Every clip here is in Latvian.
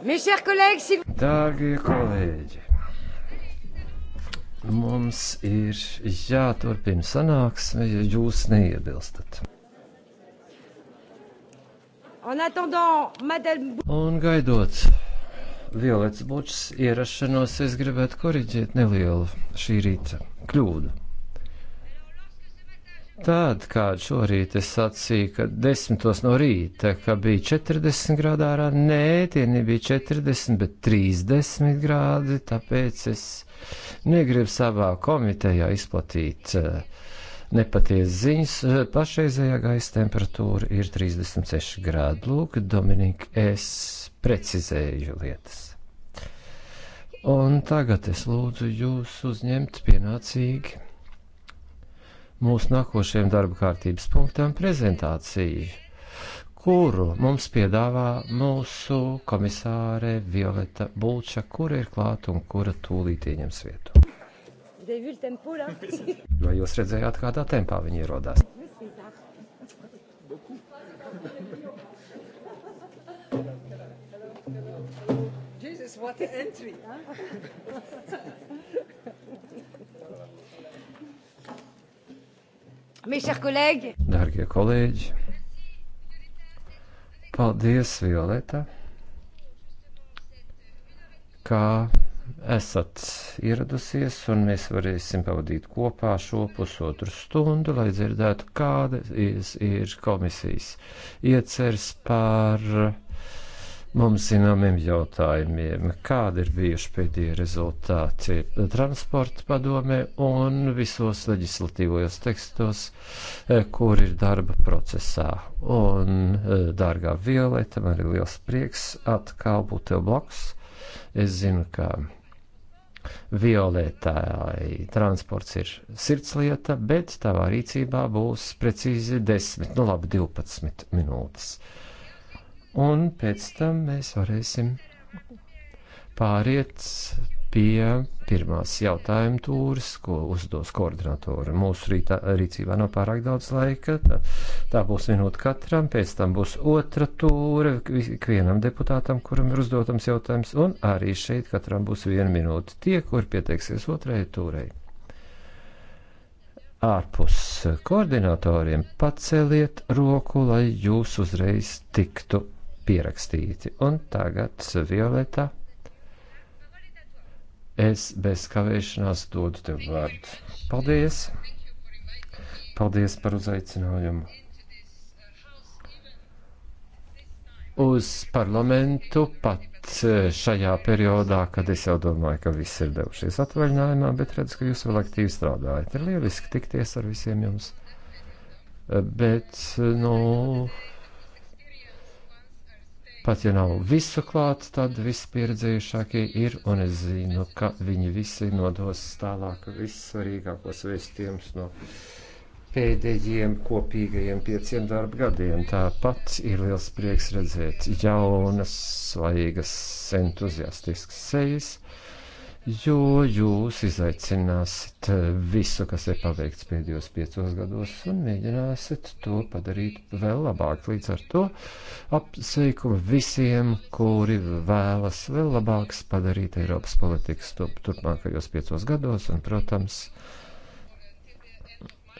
Dārgie kolēģi, mums ir jāturpina sanāksme, ja jūs neiebilstat. Un gaidot Violets Bučs ierašanos, es gribētu koriģēt nelielu šī rīta kļūdu. Tad, kad šorīt es sacīju, ka desmitos no rīta, ka bija 40 grādi ārā, nē, tie nebija 40, bet 30 grādi, tāpēc es negribu savā komitejā izplatīt eh, nepatiesas ziņas. Eh, pašreizējā gaisa temperatūra ir 36 grādi. Lūk, Dominika, es precizēju lietas. Un tagad es lūdzu jūs uzņemt pienācīgi mūsu nākošajam darba kārtības punktam prezentāciju, kuru mums piedāvā mūsu komisāre Violeta Bulča, kura ir klāta un kura tūlīt ieņems vietu. Vai jūs redzējāt, kādā tempā viņi ierodās? Jesus, what an entry! Darbie kolēģi, paldies, Violeta, kā esat ieradusies, un mēs varēsim pavadīt kopā šo pusotru stundu, lai dzirdētu, kādas ir komisijas ieceres par mums zināmiem jautājumiem, kādi ir bijuši pēdējie rezultāti transporta padomē un visos leģislatīvajos tekstos, eh, kur ir darba procesā. Un, eh, dārgā Violeta, man ir liels prieks atkal būt tev blakus. Es zinu, ka violetai transports ir sirdslieta, bet tavā rīcībā būs precīzi 10, nu labi, 12 minūtes. Uh, un pēc tam mēs varēsim pāriet pie pirmās jautājuma tūris, ko uzdos koordinatori. Mūsu rītā, rīcībā nav pārāk daudz laika, tā, tā būs minūte katram, pēc tam būs otra tūre ikvienam deputātam, kuram ir uzdotams jautājums, un arī šeit katram būs viena minūte tie, kur pieteiksies otrai tūrei. Ārpus koordinatoriem paceliet roku, lai jūs uzreiz tiktu pierakstīti. Un tagad, Violeta, es bez kavēšanās dodu tev vārdu. Paldies! Paldies par uzaicinājumu! Uz parlamentu pat eh, šajā periodā, kad es jau domāju, ka viss ir devušies atvaļinājumā, bet redzu, ka jūs vēl aktīvi strādājat. Ir lieliski tikties ar visiem jums. Eh, bet, nu. No Pat ja nav visu klāt, tad vispieredzējušākie ir, un es zinu, ka viņi visi nodos tālāk vissvarīgākos vēstījumus no pēdējiem kopīgajiem pieciem darba gadiem. Tāpat ir liels prieks redzēt jaunas, svaigas, entuziastiskas sejas jo jūs izaicināsiet visu, kas ir paveikts pēdējos piecos gados, un mēģināsiet to padarīt vēl labāk. Līdz ar to apsveikumu visiem, kuri vēlas vēl labāks padarīt Eiropas politikas turpmākajos piecos gados, un, protams,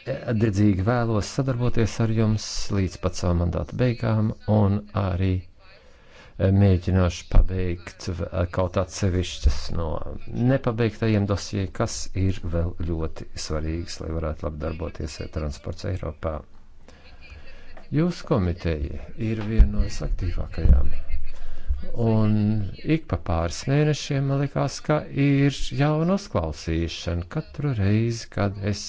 dedzīgi vēlos sadarboties ar jums līdz pat savu mandātu beigām un arī mēģināšu pabeigt kaut atsevišķas no nepabeigtajiem dosijai, kas ir vēl ļoti svarīgs, lai varētu labdarboties transports Eiropā. Jūsu komiteja ir viena no visaktīvākajām. Un ik pa pāris mēnešiem man likās, ka ir jauna uzklausīšana. Katru reizi, kad es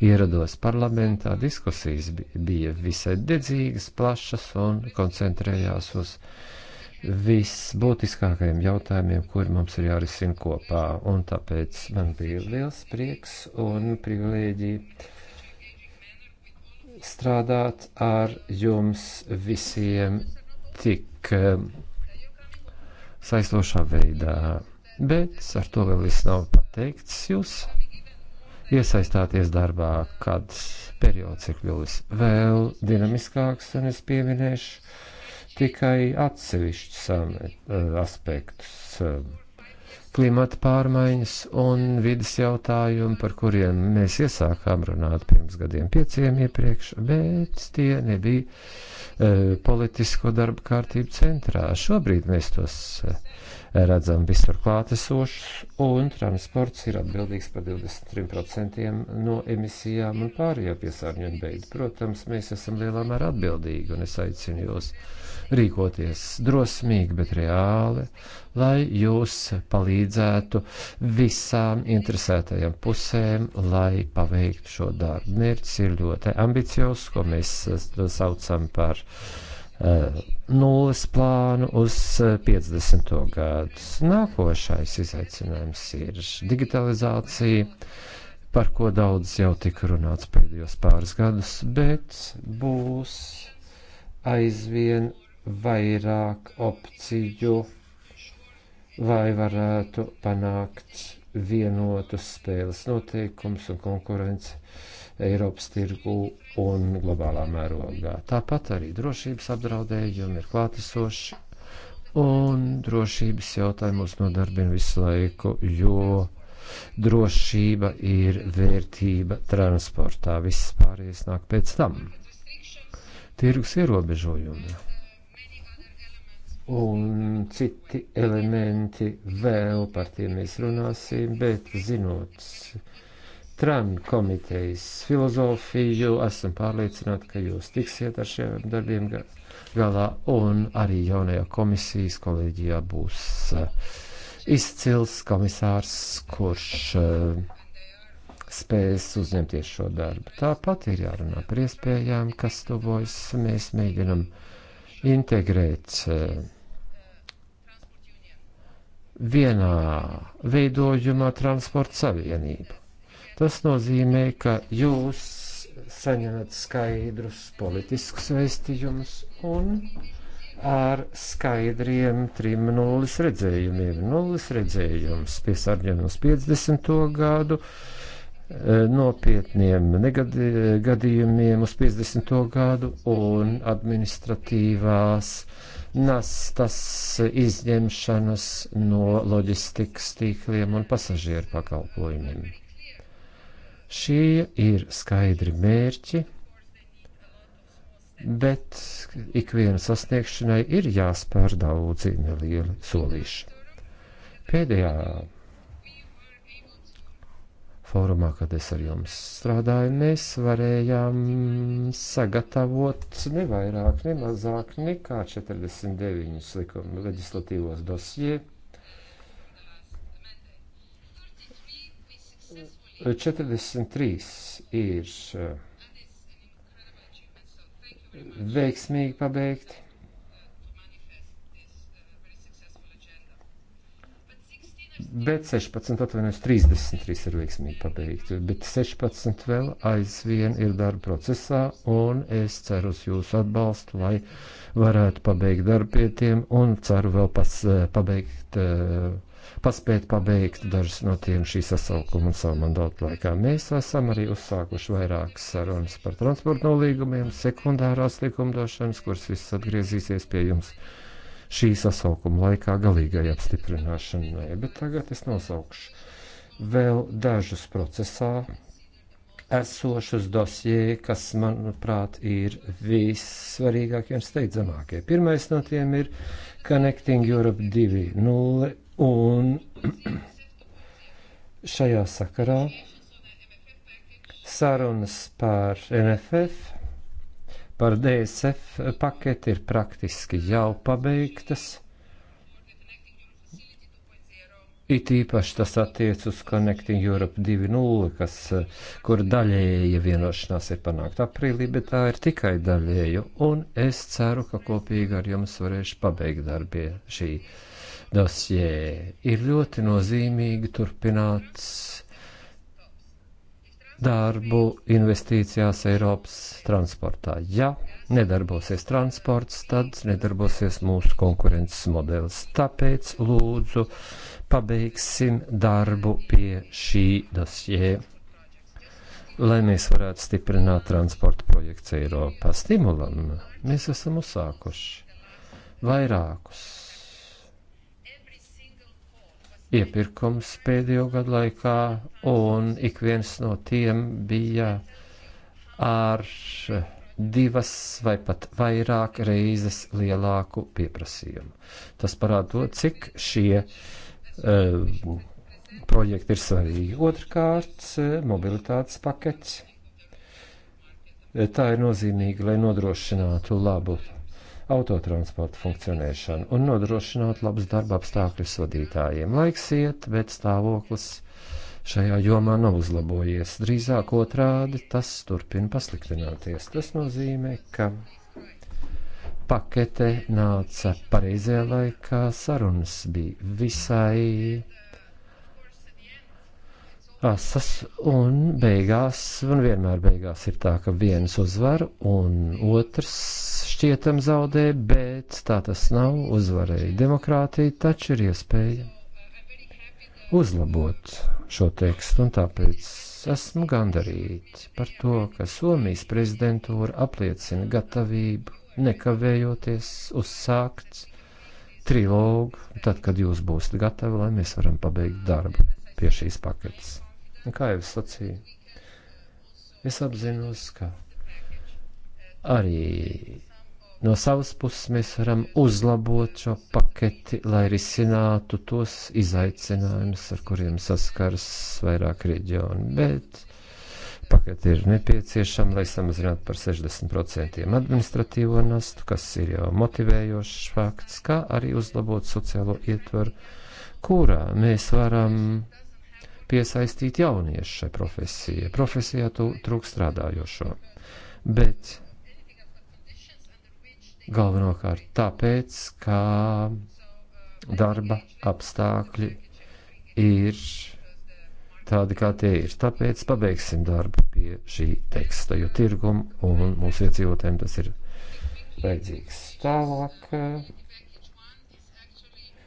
ierados parlamentā, diskusijas bija visai dedzīgas, plašas un koncentrējās uz uh, visbūtiskākajiem jautājumiem, kur mums ir jārisina kopā. Un tāpēc man bija liels prieks un privilēģija strādāt ar jums visiem tik eh, saistošā veidā. Bet ar to vēl viss nav pateikts. Jūs iesaistāties darbā, kad periods ir kļuvis vēl dinamiskāks, un es pieminēšu tikai atsevišķus eh, aspektus eh, klimata pārmaiņas un vidas jautājumi, par kuriem mēs iesākām runāt pirms gadiem pieciem iepriekš, bet tie nebija e, politisko darba kārtību centrā. Šobrīd mēs tos redzam visur klātesošus, un transports ir atbildīgs par 23% no emisijām un pārējo piesārņojumu beidu. Protams, mēs esam lielā mērā atbildīgi, un es aicinu jūs. Jūs rīkoties drosmīgi, bet reāli, lai jūs palīdzētu visām interesētajām pusēm, lai paveiktu šo darbu. Mērķis ir ļoti ambiciozs, ko mēs eh, saucam par eh, nulles plānu uz 50. Eh, gadus. Nākošais izaicinājums ir digitalizācija, par ko daudz jau tika runāts pēdējos pāris gadus, bet būs aizvien vairāk opciju, lai varētu panākt vienotus spēles noteikumus un konkurenci Eiropas tirgu un globālā mērogā. Tāpat arī drošības apdraudējumi ir klātesoši un drošības jautājumos nodarbina visu laiku, jo drošība ir vērtība transportā. Viss pārējais nāk pēc tam. Tirgus ierobežojumi un citi elementi vēl par tiem mēs runāsim, bet zinot Tran komitejas filozofiju, esam pārliecināti, ka jūs tiksiet ar šiem darbiem galā un arī jaunajā komisijas kolēģijā būs uh, izcils komisārs, kurš uh, spēs uzņemties šo darbu. Tāpat ir jārunā par iespējām, kas tuvojas. Mēs mēģinam uh, integrēt eh, vienā veidojumā transporta savienību. Tas nozīmē, ka jūs saņemat skaidrus politiskus vēstījumus un ar skaidriem trim nulles redzējumiem. Nulles redzējums piesārņojums 50. gadu. Uh, Eh, nopietniem negadījumiem uz 50. gadu un administratīvās nastas izņemšanas no loģistikas tīkliem un pasažieru pakalpojumiem. Šie ir skaidri mērķi, bet ikviena sasniegšanai ir jāspēr daudzi nelieli solīši. Pēdējā fórumā, kad es ar jums strādāju, mēs varējām sagatavot ne vairāk, ne mazāk nekā 49 likuma leģislatīvos dosjē. 43 ir eh, veiksmīgi pabeigti. bet 16, atvainojos, 33 ir veiksmīgi pabeigti, bet 16 vēl aizvien ir darba procesā, un es ceru uz jūsu atbalstu, lai varētu pabeigt darbu pie tiem, un ceru vēl pas, eh, pabeigt, eh, paspēt pabeigt dažas no tiem šī sasaukuma un savu mandātu laikā. Mēs esam arī uzsākuši vairākas sarunas par transporta nolīgumiem, sekundārās likumdošanas, kuras viss atgriezīsies pie jums šī sasaukuma laikā galīgai apstiprināšanai, bet tagad es nosaukšu vēl dažus procesā esošus dosjē, kas, manuprāt, ir vissvarīgākie un steidzamākie. Pirmais no tiem ir Connecting Europe 2.0 un šajā sakarā sarunas par MFF par DSF paketi ir praktiski jau pabeigtas. It īpaši tas attiec uz Connecting Europe 2.0, kas, kur daļēja vienošanās ir panākt aprīlī, bet tā ir tikai daļēju, un es ceru, ka kopīgi ar jums varēšu pabeigt darbie šī dosjē. Ir ļoti nozīmīgi turpināt darbu investīcijās Eiropas transportā. Ja nedarbosies transports, tad nedarbosies mūsu konkurences modelis. Tāpēc lūdzu pabeigsim darbu pie šī dosjē lai mēs varētu stiprināt transporta projekts Eiropā. Stimulam mēs esam uzsākuši vairākus iepirkums pēdējo gadu laikā, un ik viens no tiem bija ar divas vai pat vairāk reizes lielāku pieprasījumu. Tas parāda to, cik šie uh, projekti ir svarīgi. Otrkārt, eh, mobilitātes pakets. Eh, tā ir nozīmīga, lai nodrošinātu labu autotransporta funkcionēšanu un nodrošināt labus darba apstākļus vadītājiem. Laiks iet, bet stāvoklis šajā jomā nav uzlabojies. Drīzāk otrādi tas turpina pasliktināties. Tas nozīmē, ka pakete nāca pareizajā laikā, sarunas bija visai asas, un beigās, un vienmēr beigās ir tā, ka viens uzvar, un otrs šķietam zaudē, bet tā tas nav, uzvarēja demokrātija, taču ir iespēja uzlabot šo tekstu, un tāpēc esmu gandarīti par to, ka Somijas prezidentūra apliecina gatavību nekavējoties uzsākt trilogu, tad, kad jūs būsiet gatavi, lai mēs varam pabeigt darbu pie šīs paketes. Nu, kā jau es sacīju, es apzinos, ka arī no savas puses mēs varam uzlabot šo paketi, lai risinātu tos izaicinājumus, ar kuriem saskaras vairāk reģioni. Bet paketi ir nepieciešama, lai samazinātu par 60% administratīvo nastu, kas ir jau motivējošs fakts, kā arī uzlabot sociālo ietvaru, kurā mēs varam piesaistīt jauniešu šai profesijai. Profesijā trūkst strādājošo. Bet galvenokārt tāpēc, ka darba apstākļi ir tādi, kā tie ir. Tāpēc pabeigsim darbu pie šī teksta, jo tirgumu un mūsu iedzīvotājiem tas ir vajadzīgs. Tālāk, eh,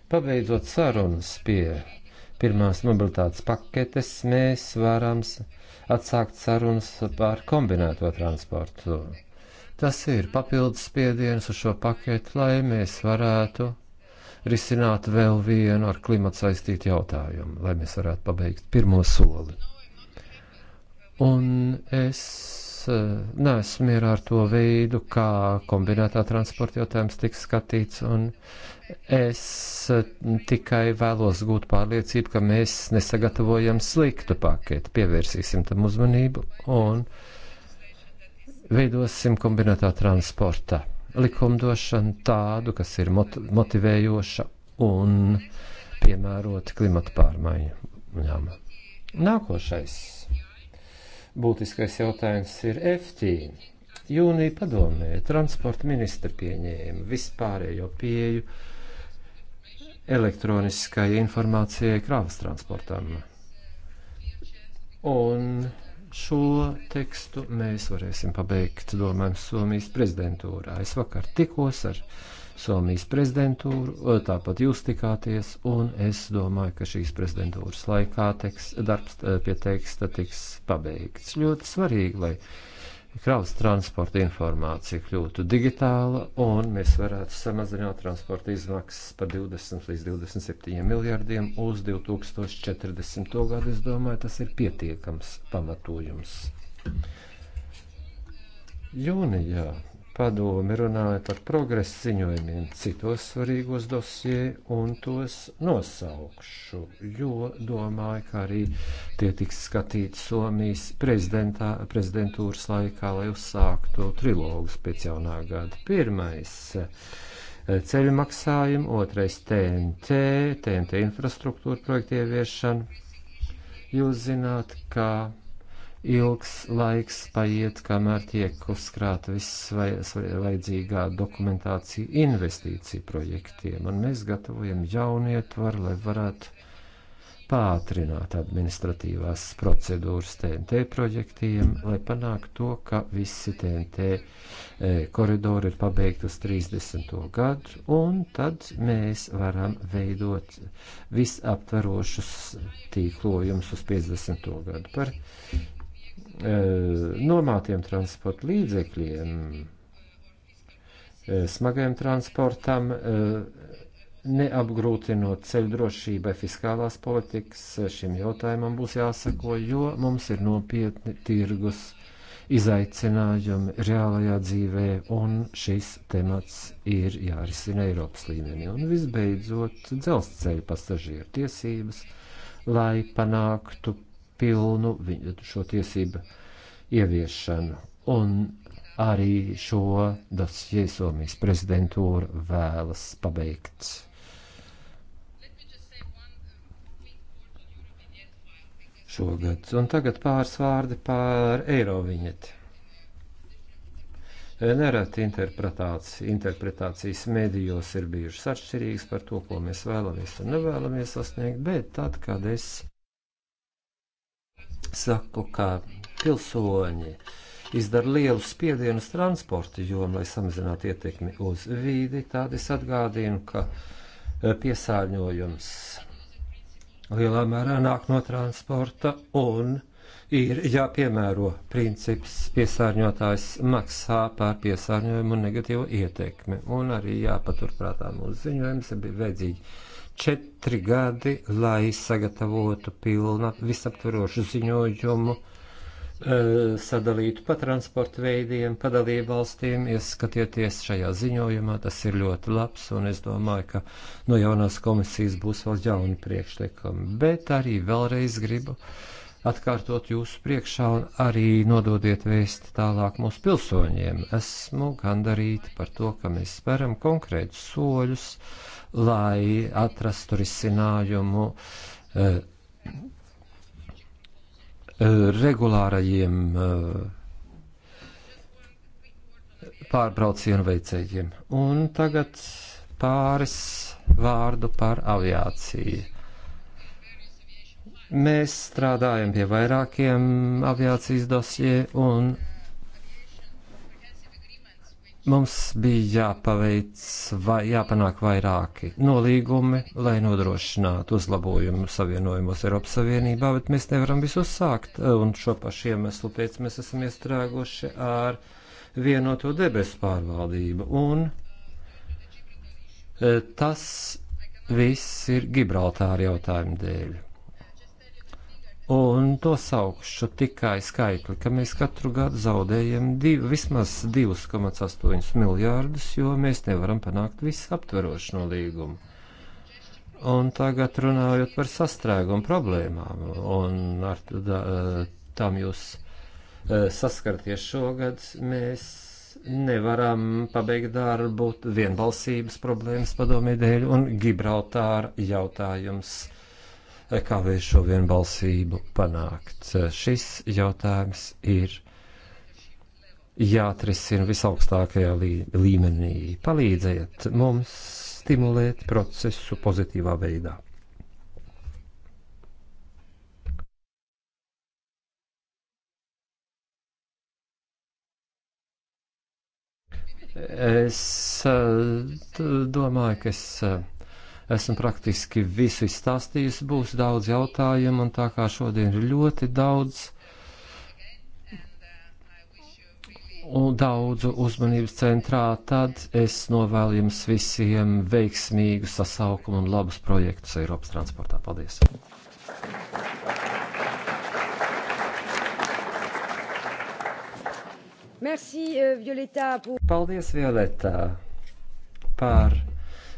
pabeidzot sarunas pie pirmās mobilitātes paketes mēs varam atsākt sarunas par kombinēto transportu. Tas ir papildus spiediens uz šo paketu, lai mēs varētu risināt vēl vienu ar klimatu saistītu jautājumu, lai mēs varētu pabeigt pirmo soli. Un es Eh, neesmu mierā ar to veidu, kā kombinētā transporta jautājums tiks skatīts, un es eh, tikai vēlos gūt pārliecību, ka mēs nesagatavojam sliktu paketi, pievērsīsim tam uzmanību un veidosim kombinētā transporta likumdošanu tādu, kas ir motivējoša un piemērota klimata pārmaiņām. Nākošais būtiskais jautājums ir FT. Jūnija padomē transporta ministra pieņēma vispārējo pieju elektroniskai informācijai kravas transportam. Un šo tekstu mēs varēsim pabeigt, domājam, Somijas prezidentūrā. Es vakar tikos ar viņu Somijas prezidentūru, tāpat jūs tikāties, un es domāju, ka šīs prezidentūras laikā teks, darbs e, pie teksta tiks pabeigts. Ļoti svarīgi, lai kravas transporta informācija kļūtu digitāla, un mēs varētu samazināt transporta izmaksas par 20 līdz 27 miljardiem uz 2040. gadu. Es domāju, tas ir pietiekams pamatojums. Jūnijā Padomi runāja par progresu ziņojumiem citos svarīgos dosie un tos nosaukšu, jo domāju, ka arī tie tiks skatīti Somijas prezidentūras laikā, lai uzsāktu trilogus pēc jaunā gada. Pirmais eh, ceļu maksājumu, otrais TNT, TNT infrastruktūra projekta ieviešana. Jūs zināt, ka ilgs laiks paiet, kamēr tiek uzkrāta viss vajadzīgā dokumentācija investīciju projektiem, un mēs gatavojam jaunietvaru, lai varētu pātrināt administratīvās procedūras TNT projektiem, lai panāktu to, ka visi TNT e, koridori ir pabeigti uz 30. gadu, un tad mēs varam veidot visaptverošus tīklojumus uz 50. gadu. Par Eh, nomātiem transporta līdzekļiem, eh, smagajam transportam, eh, neapgrūtinot ceļu drošībai fiskālās politikas, šim jautājumam būs jāsako, jo mums ir nopietni tirgus izaicinājumi reālajā dzīvē, un šis temats ir jārisina Eiropas līmenī. Un visbeidzot, dzelzceļa pasažieru tiesības, lai panāktu pilnu šo tiesību ieviešanu. Un arī šo dosie Somijas prezidentūra vēlas pabeigt. Šogad. Un tagad pāris vārdi par eiroviņeti. Nereti interpretācijas, interpretācijas medijos ir bijušas atšķirīgas par to, ko mēs vēlamies un nevēlamies sasniegt, bet tad, kad es saku, ka pilsoņi izdara lielu spiedienu uz transporta jomu, lai samazinātu ietekmi uz vīdi. Tādēļ es atgādinu, ka e, piesārņojums lielā mērā nāk no transporta un ir jāpiemēro princips piesārņotājs maksā par piesārņojumu un negatīvo ietekmi. Un arī jāpaturprātā mūsu ziņojums ir vajadzīgi četri gadi, lai sagatavotu pilnu visaptvarošu ziņojumu, e, sadalītu pa transporta veidiem, pa dalību valstīm. Ieskatieties šajā ziņojumā, tas ir ļoti labs, un es domāju, ka no jaunās komisijas būs vēl jauni priekšlikumi. Bet arī vēlreiz gribu atkārtot jūsu priekšā un arī nododiet vēsti tālāk mūsu pilsoņiem. Esmu gandarīti par to, ka mēs speram konkrētus soļus. Uh, lai atrastu risinājumu uh, regulārajiem eh, pārbraucienu veicējiem. Un tagad pāris vārdu par aviāciju. Mēs strādājam pie vairākiem aviācijas dosie un Mums bija jāpaveic vai jāpanāk vairāki nolīgumi, lai nodrošinātu uzlabojumu savienojumos Eiropas Savienībā, bet mēs nevaram visu uzsākt, eh, un šo pašu iemeslu pēc mēs esam iestrēguši ar vienoto debesu pārvaldību, un eh, tas viss ir Gibraltāra jautājuma dēļ un to saukšu tikai skaitli, ka mēs katru gadu zaudējam div, vismaz 2,8 miljārdus, jo mēs nevaram panākt visu aptverošu no līgumu. Un tagad runājot par sastrēgumu problēmām, un ar tā, tām jūs e, saskarties šogad, mēs nevaram pabeigt darbu vienbalsības problēmas padomē dēļ, un Gibraltāra jautājums kavē šo vienbalsību panākt. Šis jautājums ir jāatrisina visaugstākajā līmenī. Palīdziet mums stimulēt procesu pozitīvā veidā. Es eh, domāju, ka es eh, esmu praktiski visu izstāstījusi, būs daudz jautājumu, un tā kā šodien ir ļoti daudz un daudzu uzmanības centrā, tad es novēlu jums visiem veiksmīgu sasaukumu un labus projektus Eiropas transportā. Paldies! Merci, euh, Violeta, pour... Paldies, Violeta, par. Mm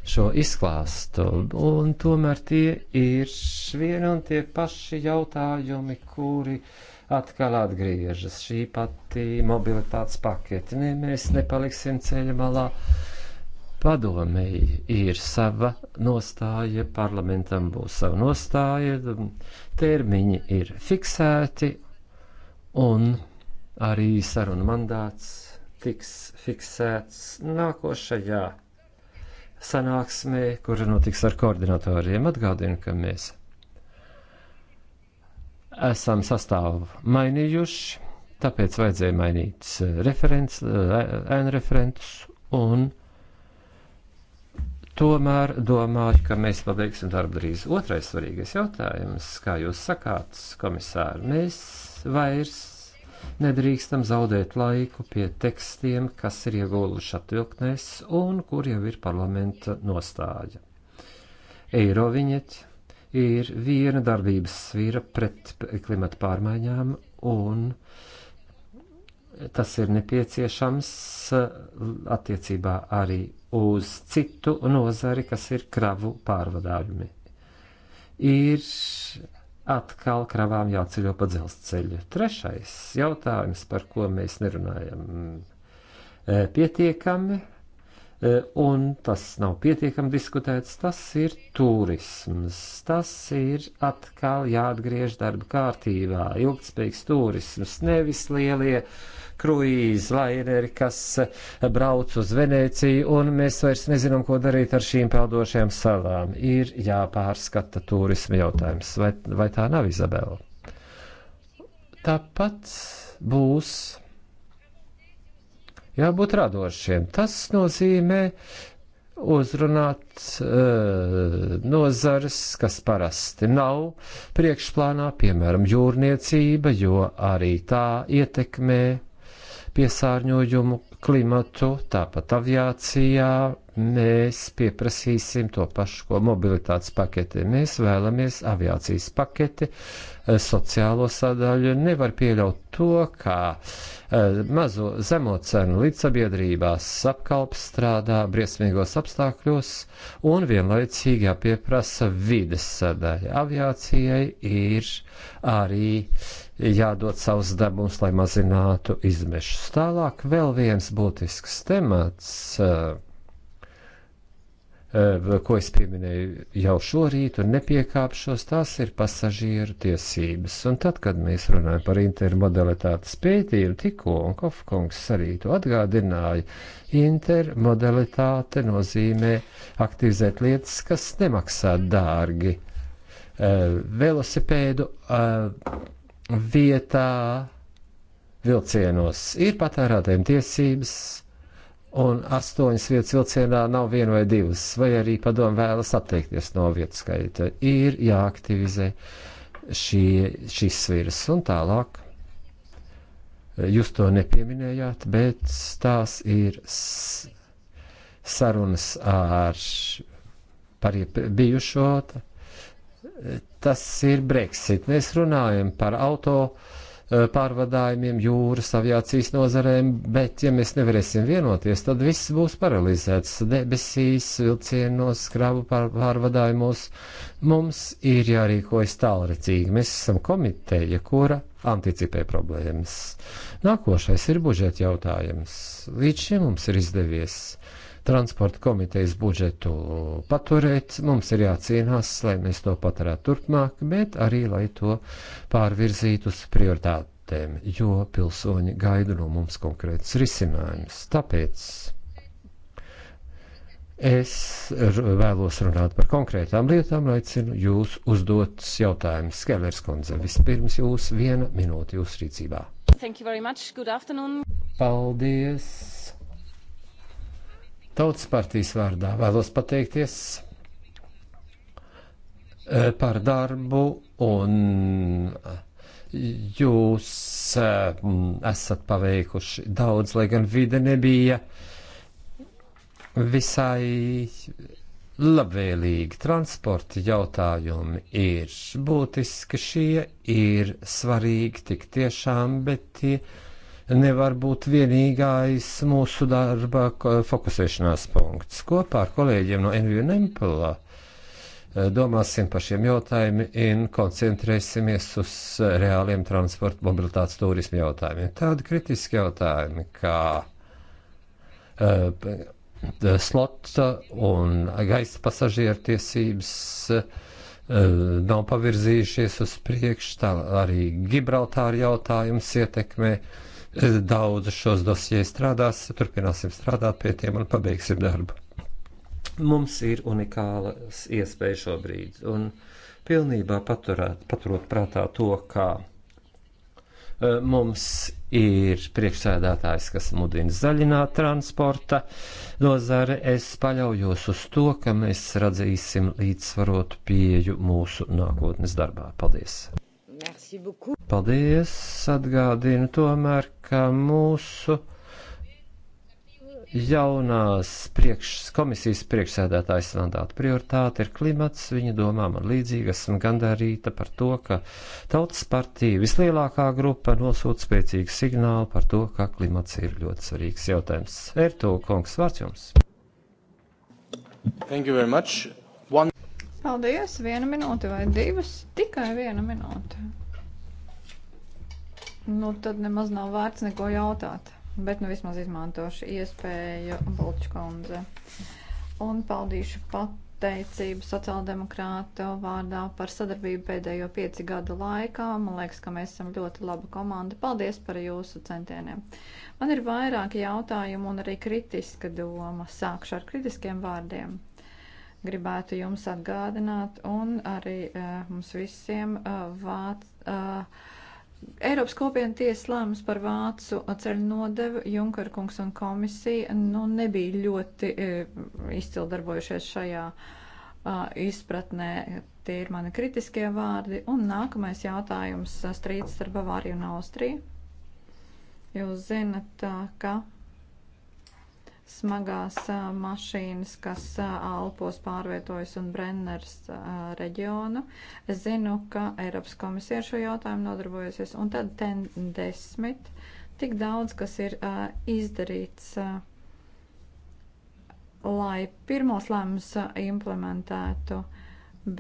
šo izklāstu, un tomēr tie ir vieni un tie paši jautājumi, kuri atkal atgriežas. Šī pati mobilitātes paketi, ne, mēs nepaliksim ceļa malā. Padomēji ir sava nostāja, parlamentam būs sava nostāja, termiņi ir fiksēti, un arī saruna mandāts tiks fiksēts nākošajā sanāksmē, kura notiks ar koordinatoriem. Atgādinu, ka mēs esam sastāvu mainījuši, tāpēc vajadzēja mainīt referents, eh, ēnu referentus un tomēr domāju, ka mēs pabeigsim darbu drīz. Otrais svarīgais jautājums, kā jūs sakāt, komisāri, mēs vairs Nedrīkstam zaudēt laiku pie tekstiem, kas ir ieguluši atvilknēs un kur jau ir parlamenta nostāja. Eiroviņeķi ir viena darbības svīra pret klimata pārmaiņām un tas ir nepieciešams eh, attiecībā arī uz citu nozari, kas ir kravu pārvadājumi. Ir atkal kravām jāceļo pa dzelzceļu. Trešais jautājums, par ko mēs nerunājam mm, e, pietiekami, E, un tas nav pietiekami diskutēts, tas ir turisms. Tas ir atkal jāatgriež darba kārtībā. Ilgtspējīgs turisms, nevis lielie kruīzi laineri, kas brauc uz Venēciju, un mēs vairs nezinām, ko darīt ar šīm peldošajām salām. Ir jāpārskata turisma jautājums, vai, vai tā nav Izabela? Tāpat būs jābūt radošiem. Tas nozīmē uzrunāt uh, nozares, kas parasti nav priekšplānā, piemēram, jūrniecība, jo arī tā ietekmē piesārņojumu klimatu, tāpat aviācijā mēs pieprasīsim to pašu, ko mobilitātes pakete. Mēs vēlamies aviācijas paketi, eh, sociālo sadaļu. Nevar pieļaut to, kā eh, mazo zemo cenu līdzsabiedrībās apkalps strādā briesmīgos apstākļos un vienlaicīgi jāpieprasa vides sadaļa. Aviācijai ir arī jādod savs dabums, lai mazinātu izmešus. Tālāk vēl viens būtisks temats. Uh, Eh, ko es pieminēju jau šorīt, un nepiekāpšos, tās ir pasažieru tiesības. Un tad, kad mēs runājam par intermodalitātes pētījumu, tikko, un Kofkungs arī to atgādināja, intermodalitāte nozīmē aktivizēt lietas, kas nemaksā dārgi. Eh, velosipēdu eh, vietā vilcienos ir patērētiem tiesības un astoņas vietas vilcienā nav viena vai divas, vai arī padomu vēlas atteikties no vietas skaita. Ir jāaktivizē šie, šīs sviras un tālāk. Jūs to nepieminējāt, bet tās ir sarunas ar par bijušo. Tas ir Brexit. Mēs runājam par auto uh, Eh, pārvadājumiem, jūras, aviācijas nozarēm, bet ja mēs nevarēsim vienoties, tad viss būs paralizēts debesīs, vilcienos, skrabu pārvadājumos. Mums ir jārīkojas tālrecīgi. Mēs esam komiteja, kura anticipē problēmas. Nākošais ir budžeta jautājums. Līdz šim mums ir izdevies uh, transporta komitejas budžetu paturēt. Mums ir jācīnās, lai mēs to paturētu turpmāk, bet arī, lai to pārvirzītu uz prioritātēm, jo pilsoņi gaida no mums konkrēts risinājums. Tāpēc es vēlos runāt par konkrētām lietām, aicinu jūs uzdot jautājumus. Skelers kundze, vispirms jūs viena minūte jūsu rīcībā. Paldies! Tautas partijas vārdā vēlos pateikties e, par darbu un jūs e, esat paveikuši daudz, lai gan vide nebija visai labvēlīgi. Transporta jautājumi ir būtiski, šie ir svarīgi tik tiešām, bet tie. Ja nevar būt vienīgais mūsu darba fokusēšanās punkts. Kopā ar kolēģiem no NVU Nempelā eh, domāsim par šiem jautājumiem un koncentrēsimies uz eh, reāliem transporta, mobilitātes, turismu jautājumiem. Tādi kritiski jautājumi kā uh, slota un gaisa pasažieru tiesības uh, nav pavirzījušies uz priekšu, tā arī Gibraltāra jautājums ietekmē uh, daudz šos dosijai strādās, turpināsim strādāt pie tiem un pabeigsim darbu. Mums ir unikālas iespējas šobrīd, un pilnībā paturēt, paturot prātā to, kā e, mums ir priekšsēdētājs, kas mudina zaļināt transporta nozare. Es paļaujos uz to, ka mēs radzīsim līdzsvarotu pieju mūsu nākotnes darbā. Paldies! Paldies! Atgādinu tomēr, ka mūsu jaunās priekš, komisijas priekšsēdētājas mandāta prioritāte ir klimats. Viņa domā man līdzīgi, esmu gandarīta par to, ka tautas partija vislielākā grupa nosūta spēcīgu signālu par to, ka klimats ir ļoti svarīgs jautājums. Ertu kungs, vārds jums! One... Paldies, viena minūte vai divas, tikai viena minūte. Nu, tad nemaz nav vērts neko jautāt, bet nu vismaz izmantošu iespēju Bolčkundze. Un paldīšu pateicību sociāldemokrātu vārdā par sadarbību pēdējo pieci gadu laikā. Man liekas, ka mēs esam ļoti laba komanda. Paldies par jūsu centieniem. Man ir vairāki jautājumi un arī kritiska doma. Sākšu ar kritiskiem vārdiem gribētu jums atgādināt un arī uh, mums visiem uh, vāc. Uh, Eiropas kopiena tiesa lēmums par vācu ceļu nodevu Junkar kungs un komisija nu, nebija ļoti e, izcili darbojušies šajā a, izpratnē. Tie ir mani kritiskie vārdi. Un nākamais jautājums - strīds starp Bavāriju un Austriju. Jūs zinat, ka smagās mašīnas, kas Alpos pārvietojas un Brenners reģionu. Es zinu, ka Eiropas komisija ar šo jautājumu nodarbojasies. Un tad ten desmit, tik daudz, kas ir izdarīts, lai pirmos lēmumus implementētu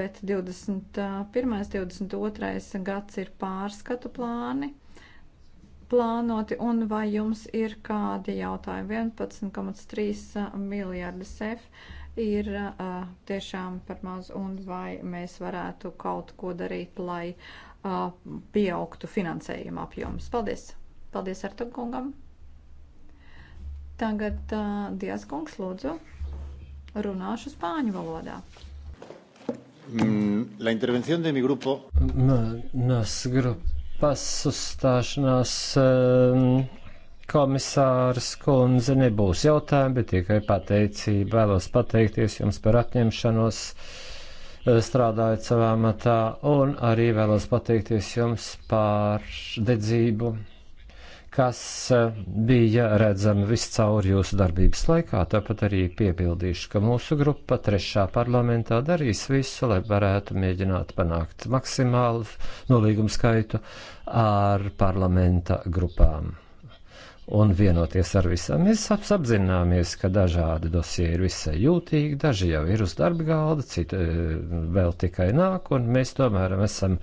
bet 21. un 22. gads ir pārskatu plāni, plānoti un vai jums ir kādi jautājumi? 11,3 eh, miljardi sef ir uh, tiešām par maz un vai mēs varētu kaut ko darīt, lai uh, pieaugtu finansējuma apjoms. Paldies! Paldies Artagungam! Tagad uh, Dias kungs lūdzu runāšu spāņu valodā. Mm, la intervención de mi grupo. Manas grupa pasustāšanās ehm, komisāras kundze nebūs jautājumi, bet tikai pateicība. Vēlos pateikties jums par atņemšanos eh, strādājot savā matā un arī vēlos pateikties jums par dedzību kas eh, bija redzami viscaur jūsu darbības laikā. Tāpat arī piebildīšu, ka mūsu grupa trešā parlamentā darīs visu, lai varētu mēģināt panākt maksimālu nolīgumu skaitu ar parlamenta grupām. Un vienoties ar visām, mēs apzināmies, ka dažādi dosie ir visai jūtīgi, daži jau ir uz darba galda, citi eh, vēl tikai nāk, un mēs tomēr esam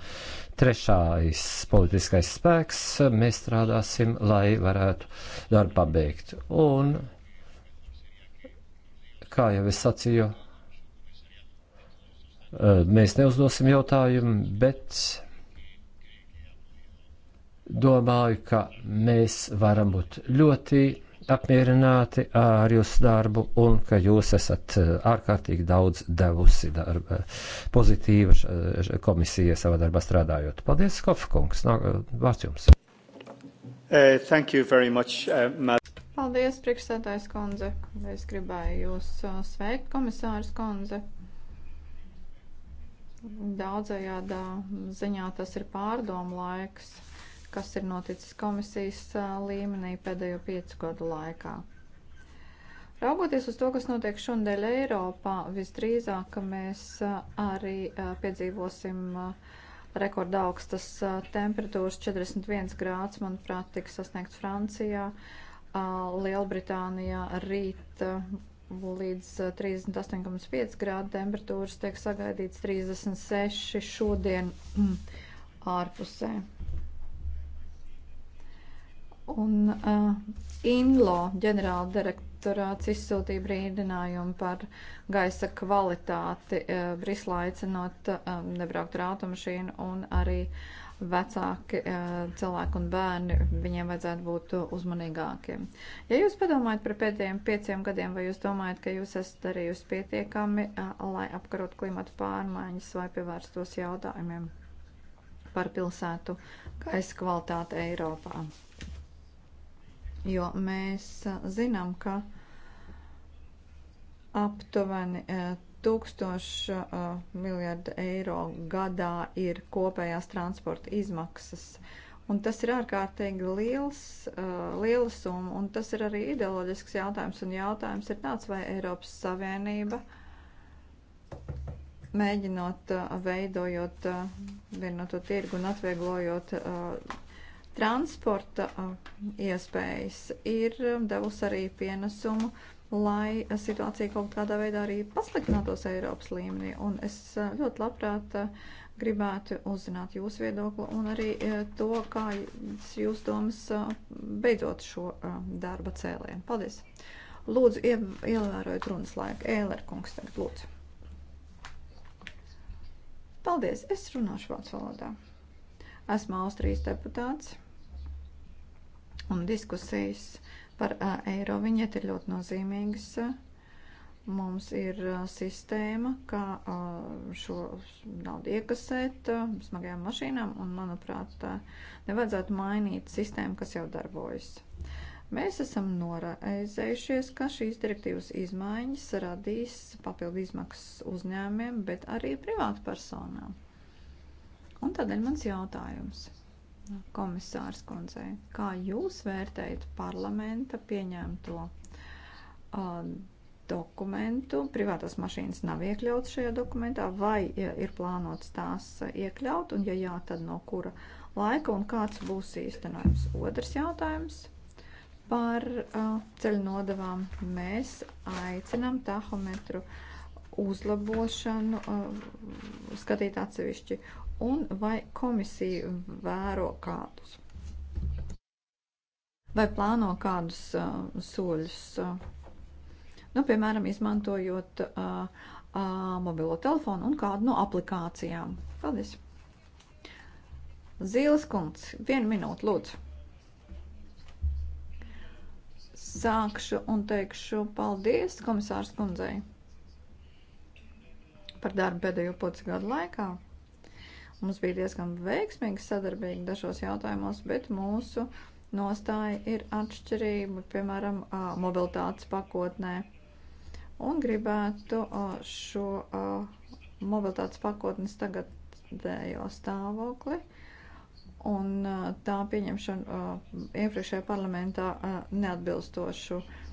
trešais politiskais spēks, mēs strādāsim, lai varētu darbu pabeigt. Un, kā jau es sacīju, eh, mēs neuzdosim jautājumu, bet domāju, ka mēs varam būt ļoti apmierināti ar jūsu darbu un ka jūs esat eh, ārkārtīgi daudz devusi darba, eh, pozitīva komisija savā darbā strādājot. Paldies, Kofkungs. Eh, vārds jums. Uh, thank you very much, uh, Matt. Paldies, priekšsētājs kundze. Es gribēju jūs sveikt, komisārs kundze. Daudzajādā ziņā tas ir pārdomu laiks kas ir noticis komisijas līmenī pēdējo piecu gadu laikā. Raugoties uz to, kas notiek šodien Eiropā, visdrīzāk mēs arī piedzīvosim rekorda augstas temperatūras 41 grāds, manuprāt, tika sasniegts Francijā, Lielbritānijā rīt līdz 38,5 grādu temperatūras tiek sagaidīts 36 šodien ārpusē un uh, INLO ģenerāla direktorāts izsūtīja brīdinājumu par gaisa kvalitāti uh, Brislā aicinot uh, nebraukt ar automašīnu un arī vecāki uh, cilvēki un bērni, viņiem vajadzētu būt uzmanīgākiem. Ja jūs padomājat par pēdējiem pieciem gadiem, vai jūs domājat, ka jūs esat darījusi pietiekami, uh, lai apkarot klimatu pārmaiņas vai pievērstos jautājumiem par pilsētu gaisa kvalitāti Eiropā? jo mēs zinām, ka aptuveni e, tūkstoši miljardu eiro gadā ir kopējās transporta izmaksas. Un tas ir ārkārtīgi liels, uh, liela summa, un tas ir arī ideoloģisks jautājums. Un jautājums ir tāds, vai Eiropas Savienība, mēģinot, uh, veidojot uh, vienoto no tirgu un atvieglojot uh, Transporta iespējas ir um, devusi arī pienesumu, lai situācija kaut kādā veidā arī pasliktinātos Eiropas līmenī. Un es ļoti labprāt gribētu uzzināt jūsu viedokli un arī to, kā jūs domas beidzot šo darba cēlienu. Paldies! Lūdzu, ievērojiet runas laiku. Ēlera kungs tagad lūdzu. Paldies, es runāšu vācu valodā. Esmu Austrijas deputāts. Un diskusijas par eiro viņiet ir ļoti nozīmīgas. Mums ir sistēma, kā šo naudu iekasēt smagajām mašīnām, un, manuprāt, nevajadzētu mainīt sistēmu, kas jau darbojas. Mēs esam noraizējušies, ka šīs direktīvas izmaiņas radīs papildu izmaksas uzņēmumiem, bet arī privātpersonām. Un tādēļ mans jautājums komisārs kundzei. Kā jūs vērtējat parlamenta pieņemto uh, dokumentu? Privātās mašīnas nav iekļauts šajā dokumentā, vai ir plānots tās iekļaut, un ja jā, tad no kura laika un kāds būs īstenojums? Otrs jautājums. Par uh, ceļu nodavām mēs aicinām tahometru uzlabošanu uh, skatīt atsevišķi un vai komisija vēro kādus? Vai plāno kādus uh, soļus? Uh? Nu, piemēram, izmantojot uh, uh, mobilo telefonu un kādu no aplikācijām. Paldies! Zīles kungs, vienu minūtu lūdzu. Sākšu un teikšu paldies komisārs kundzei par darbu pēdējo pusi gadu laikā. Mums bija diezgan veiksmīgi sadarbīgi dažos jautājumos, bet mūsu nostāja ir atšķirība, piemēram, mobilitātes pakotnē. Un gribētu šo mobilitātes pakotnes tagadējo stāvokli un tā pieņemšanu iepriekšējā parlamentā neatbilstošu uh,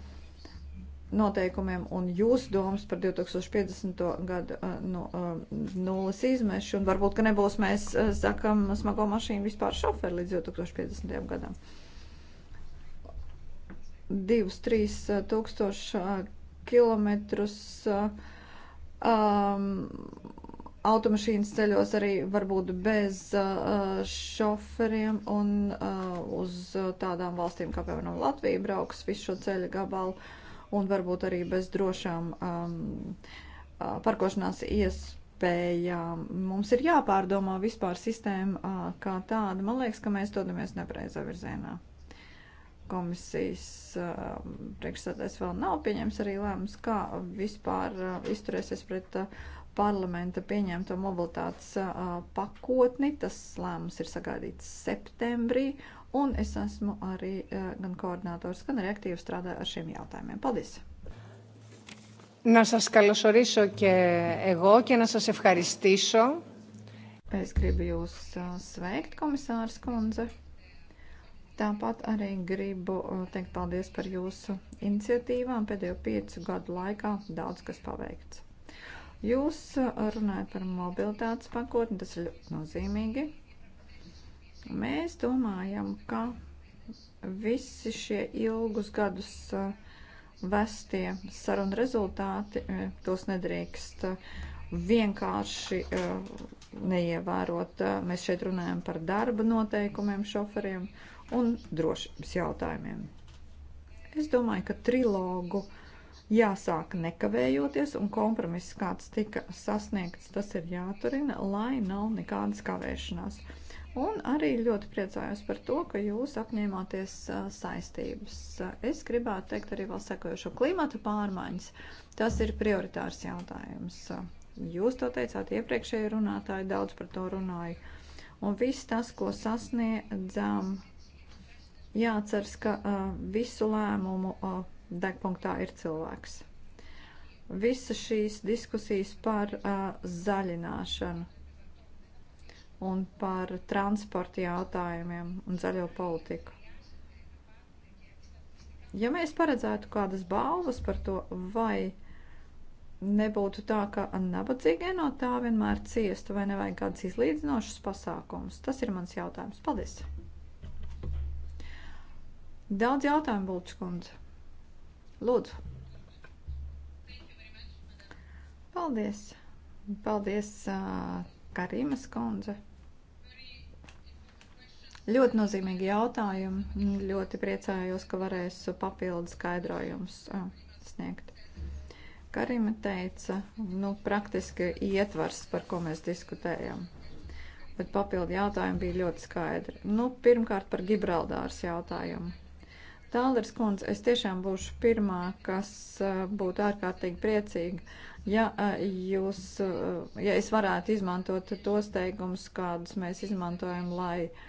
noteikumiem un jūsu domas par 2050. gadu uh, nu, uh, nulles izmešu, un varbūt, ka nebūs mēs, uh, sakam, smago mašīnu vispār šoferi līdz 2050. gadam. 2-3 tūkstoši kilometrus um, automašīnas ceļos arī varbūt bez uh, šoferiem un uh, uz tādām valstīm, kā piemēram Latvija brauks visu šo ceļu gabalu. Uh, un varbūt arī bez drošām um, uh, parkošanās iespējām iespējām. Mums ir jāpārdomā vispār sistēma uh, kā tāda. Man liekas, ka mēs dodamies nepreizā virzienā. Komisijas um, priekšsēdēs vēl nav pieņems arī lēmums, kā vispār uh, izturēsies pret parlamenta pieņemto mobilitātes pakotni. Tas lēmums ir sagaidīts septembrī, Un es esmu arī eh, gan koordinators, gan arī aktīvi strādāju ar šiem jautājumiem. Paldies! Να σας καλωσορίσω και εγώ και να σας ευχαριστήσω. Es gribu jūs eh, sveikt, komisārs kundze. Tāpat arī gribu eh, teikt paldies par jūsu iniciatīvām. Pēdējo piecu gadu laikā daudz kas paveikts. Jūs runājat par mobilitātes pakotni, tas ir ļoti nozīmīgi. Mēs domājam, ka visi šie ilgus gadus eh, vestie sarunu rezultāti, eh, tos nedrīkst eh, vienkārši neievērot. Mēs šeit runājam par darba noteikumiem šoferiem un drošības jautājumiem. Es domāju, ka trilogu jāsāk nekavējoties, un kompromiss, kāds tika sasniegts, tas ir jāturina, lai nav nekādas kavēšanās. Un arī ļoti priecājos par to, ka jūs apņēmāties saistības. Es gribētu teikt arī vēl sekojošo klimata pārmaiņas. Tas ir prioritārs jautājums. Jūs to teicāt iepriekšēji runātāji, daudz par to runāju. Un viss tas, ko sasniedzam, jāceras, ka uh, visu lēmumu uh, degpunktā ir cilvēks. Visa šīs diskusijas par uh, zaļināšanu un par transporta jautājumiem un zaļo politiku. Ja mēs paredzētu kādas balvas par to, vai nebūtu tā, ka nabadzīgie no tā vienmēr ciestu, vai nevajag kādas izlīdzinošas pasākumus, tas ir mans jautājums. Paldies! Daudz jautājumu, Bulčs kundze. Lūdzu. Paldies. Paldies, Karīmas kundze. Ļoti nozīmīgi jautājumi. Ļoti priecājos, ka varēšu papildu skaidrojumus sniegt. Karima teica, nu, praktiski ietvars, par ko mēs diskutējam. Bet papildu jautājumi bija ļoti skaidri. Nu, pirmkārt par Gibraltāras jautājumu. Tālērs kundze, es tiešām būšu pirmā, kas būtu ārkārtīgi priecīga, ja jūs, ja es varētu izmantot tos teikumus, kādus mēs izmantojam, lai uh,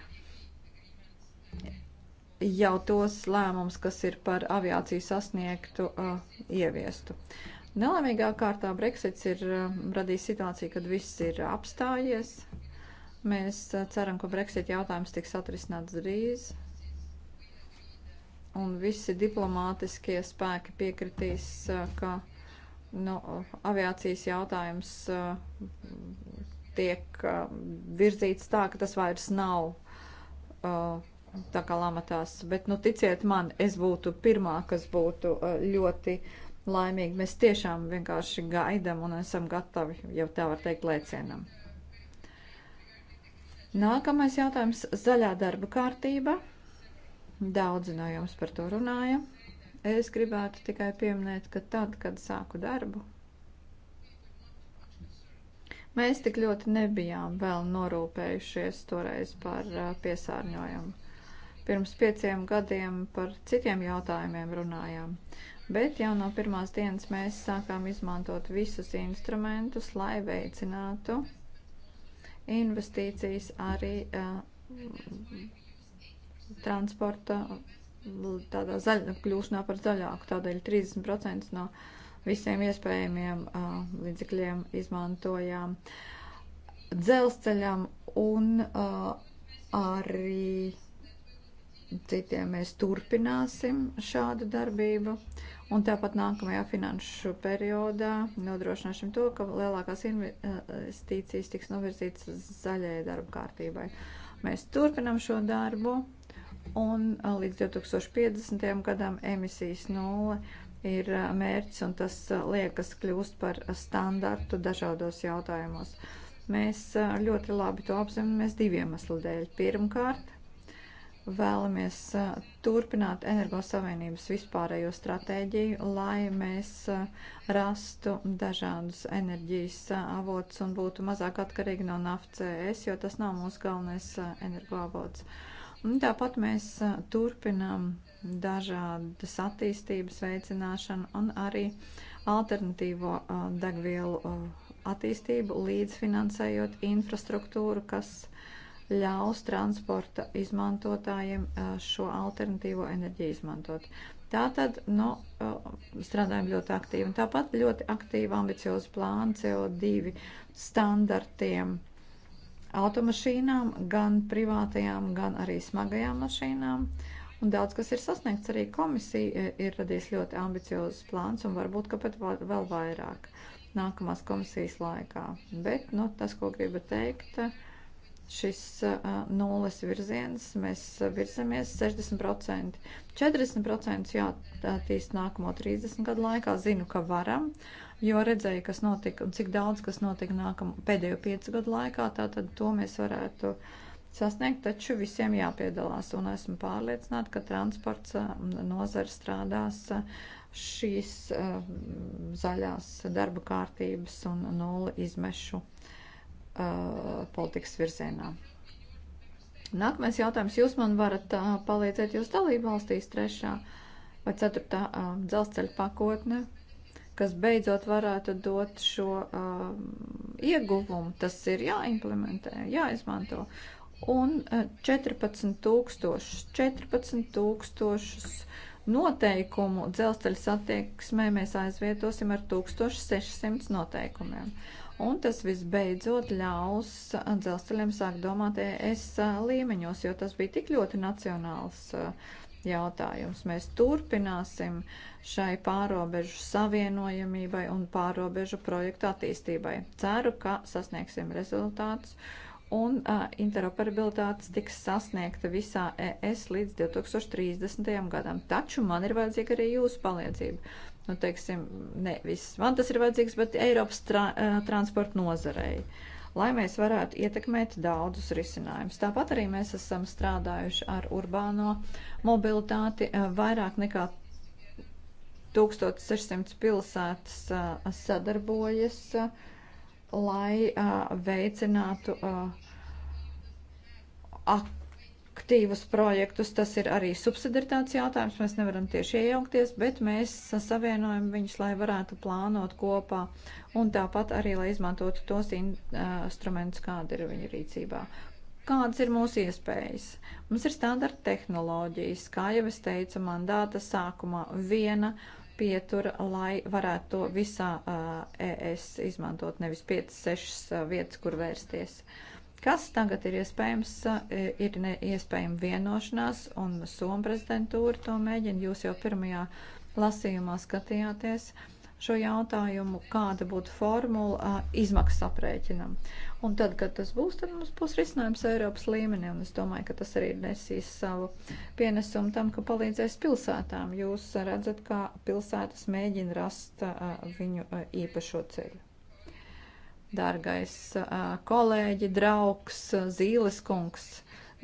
jau tos lēmumus, kas ir par aviāciju sasniegtu, uh, ieviestu. Nelēmīgā kārtā Brexits ir uh, radījis situāciju, kad viss ir apstājies. Mēs uh, ceram, ka Brexit jautājums tiks atrisināts drīz. Un visi diplomātiskie spēki piekritīs, uh, ka nu, aviācijas jautājums uh, tiek uh, virzīts tā, ka tas vairs nav. Uh, tā kā lamatās. Bet, nu, ticiet man, es būtu pirmā, kas būtu ļoti laimīga. Mēs tiešām vienkārši gaidam un esam gatavi, jau tā var teikt, lēcienam. Nākamais jautājums - zaļā darba kārtība. Daudzi no jums par to runāja. Es gribētu tikai pieminēt, ka tad, kad sāku darbu, mēs tik ļoti nebijām vēl norūpējušies toreiz par piesārņojumu. Pirms pieciem gadiem par citiem jautājumiem runājām. Bet jau no pirmās dienas mēs sākām izmantot visus instrumentus, lai veicinātu investīcijas arī uh, transporta tādā zaļa, kļūšanā par zaļāku. Tādēļ 30% no visiem iespējamiem uh, līdzekļiem izmantojām dzelzceļam un uh, arī citiem mēs turpināsim šādu darbību. Un tāpat nākamajā finanšu periodā nodrošināsim to, ka lielākās investīcijas tiks novirzītas zaļai darba kārtībai. Mēs turpinam šo darbu un līdz 2050. gadam emisijas nulle ir mērķis un tas liekas kļūst par standartu dažādos jautājumos. Mēs ļoti labi to apzināmies diviem aslu dēļ. Pirmkārt, vēlamies turpināt energosavienības vispārējo stratēģiju, lai mēs rastu dažādus enerģijas avotus un būtu mazāk atkarīgi no naftas, jo tas nav mūsu galvenais energoavots. Un tāpat mēs turpinām dažādas attīstības veicināšanu un arī alternatīvo degvielu attīstību, līdzfinansējot infrastruktūru, kas uh, ļaus transporta izmantotājiem šo alternatīvo enerģiju izmantot. Tātad, nu, strādājam ļoti aktīvi. Un tāpat ļoti aktīvi ambiciozi plāni CO2 standartiem automašīnām, gan privātajām, gan arī smagajām mašīnām. Un daudz, kas ir sasniegts, arī komisija ir radījis ļoti ambiciozas plāns un varbūt, ka pat vēl vairāk nākamās komisijas laikā. Bet, nu, tas, ko gribu teikt, ir šis uh, nulles virziens, mēs virzamies 60%. 40% jātīst nākamo 30 gadu laikā, zinu, ka varam, jo redzēju, kas notika un cik daudz, kas notika nākam, pēdējo 5 gadu laikā, tātad to mēs varētu sasniegt, taču visiem jāpiedalās un esmu pārliecināta, ka transports uh, nozara strādās uh, šīs uh, zaļās darba kārtības un nulli izmešu uh, uh, politikas virzienā. Nākamais jautājums. Jūs man varat uh, palīdzēt jūs dalību valstīs trešā vai ceturtā uh, dzelzceļa pakotne, kas beidzot varētu dot šo uh, ieguvumu. Tas ir jāimplementē, jāizmanto. Un uh, 14 tūkstošus, 14 tūkstošus noteikumu dzelzceļa satieksmē mēs aizvietosim ar 1600 noteikumiem. Uh, Un tas visbeidzot ļaus dzelzceļiem sākt domāt ES līmeņos, jo tas bija tik ļoti nacionāls eh, jautājums. Mēs turpināsim šai pārobežu savienojamībai un pārobežu projektu attīstībai. Ceru, ka sasniegsim rezultātus un uh, interoperabilitātes tiks sasniegta visā ES līdz 2030. gadam. Taču man ir vajadzīga arī jūsu palīdzība nu, teiksim, nevis man tas ir vajadzīgs, bet Eiropas tra eh, transporta nozarei, lai mēs varētu ietekmēt daudzus risinājumus. Tāpat arī mēs esam strādājuši ar urbāno mobilitāti eh, vairāk nekā 1600 pilsētas eh, sadarbojas, lai veicinātu ak aktīvus projektus. Tas ir arī subsidaritātes jautājums. Mēs nevaram tieši iejaukties, bet mēs savienojam viņus, lai varētu plānot kopā un tāpat arī, lai izmantotu tos instrumentus, kādi ir viņa rīcībā. Kādas ir mūsu iespējas? Mums ir standarta tehnoloģijas, kā jau es teicu, mandāta sākumā viena pietura, lai varētu to visā uh, ES izmantot, nevis 5-6 uh, vietas, kur vērsties. Uh, Kas tagad ir iespējams? E, ir iespējama vienošanās, un Somu prezidentūra to mēģina. Jūs jau pirmajā lasījumā skatījāties šo jautājumu, kāda būtu formula e, izmaksu aprēķinam. Un tad, kad tas būs, tad mums būs risinājums Eiropas līmenī, un es domāju, ka tas arī nesīs savu pienesumu tam, ka palīdzēs pilsētām. Jūs redzat, kā pilsētas mēģina rast e, viņu īpašo ceļu. Dārgais kolēģi, draugs, Zīles kungs,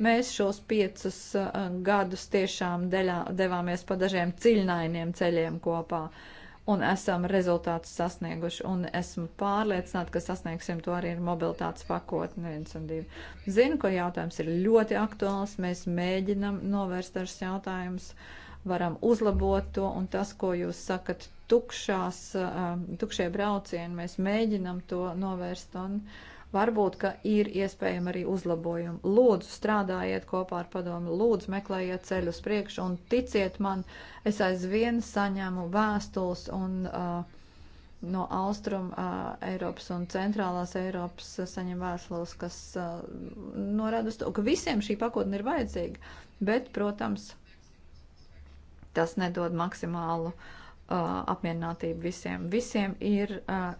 mēs šos piecus gadus tiešām deļā, devāmies pa dažiem ciļņainiem ceļiem kopā un esam rezultātus sasnieguši. Un esmu pārliecināta, ka sasniegsim to arī ar mobilitātes pakotni 1 un 2. Zinu, ka jautājums ir ļoti aktuāls. Mēs mēģinam novērst dažus jautājumus. Uh, varam uzlabot to, un tas, ko jūs sakat, tukšās, um, tukšie braucieni, mēs mēģinam to novērst, un varbūt, ka ir iespējama arī uzlabojumi. Lūdzu, strādājiet kopā ar padomu, lūdzu, meklējiet ceļu uz priekšu, un ticiet man, es aizvien saņēmu vēstules un uh, no Austrum uh, Eiropas un Centrālās Eiropas saņem vēstules, kas uh, norāda uz to, ka visiem šī pakotne ir vajadzīga. Bet, protams, tas nedod maksimālu uh, apmierinātību visiem. Visiem ir uh,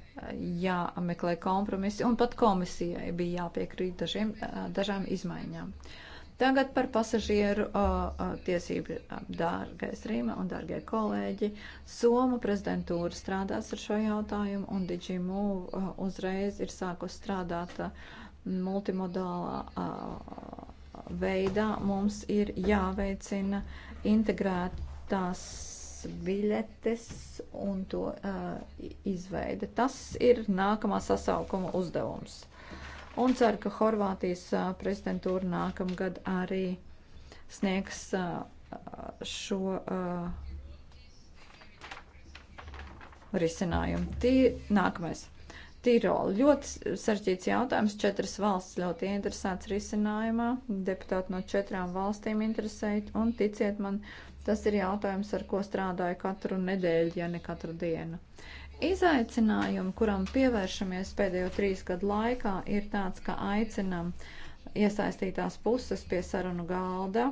jāmeklē kompromisi, un pat komisijai bija jāpiekrīt dažiem, uh, dažām izmaiņām. Tagad par pasažieru uh, uh tiesību, uh, dārgais Rīma un dārgie kolēģi. Soma prezidentūra strādās ar šo jautājumu, un DigiMove uh, uzreiz ir sākus strādāt uh, multimodālā. Uh, veidā mums ir jāveicina integrēt tās biļetes un to uh, izveide. Tas ir nākamā sasaukuma uzdevums. Un ceru, ka Horvātijas uh, prezidentūra nākamgad arī sniegs uh, šo uh, risinājumu. Tī, nākamais. Tirola. Ļoti sarežģīts jautājums. Četras valsts ļoti interesēts risinājumā. Deputāti no četrām valstīm interesēja. Un ticiet man, uh, Tas ir jautājums, ar ko strādāju katru nedēļu, ja ne katru dienu. Izaicinājumi, kuram pievēršamies pēdējo trīs gadu laikā, ir tāds, ka aicinam iesaistītās puses pie sarunu galda,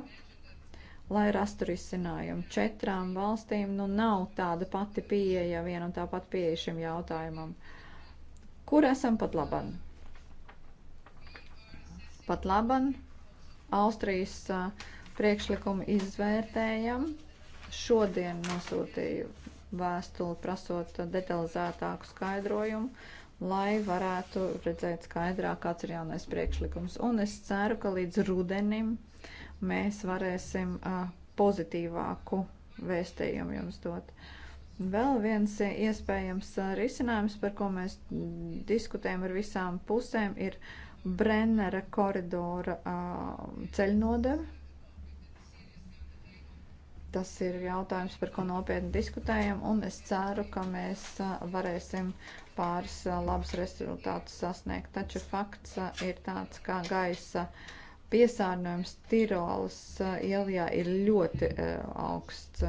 lai rastu risinājumu. Četrām valstīm nu nav tāda pati pieeja, viena un tā pati pieeja šim jautājumam. Kur esam pat laban? Pat laban Austrijas uh, priekšlikumu izvērtējam. Šodien nosūtīju vēstuli prasot detalizētāku skaidrojumu, lai varētu redzēt skaidrāk, kāds ir jaunais priekšlikums. Un es ceru, ka līdz rudenim mēs varēsim pozitīvāku vēstījumu jums dot. Vēl viens iespējams risinājums, par ko mēs diskutējam ar visām pusēm, ir Brennera koridora ceļnodeva Tas ir jautājums, par ko nopietni diskutējam, un es ceru, ka mēs varēsim pāris labus rezultātus sasniegt. Taču fakts ir tāds, kā gaisa piesārņojums Tirolas ielijā ir ļoti e, augsts.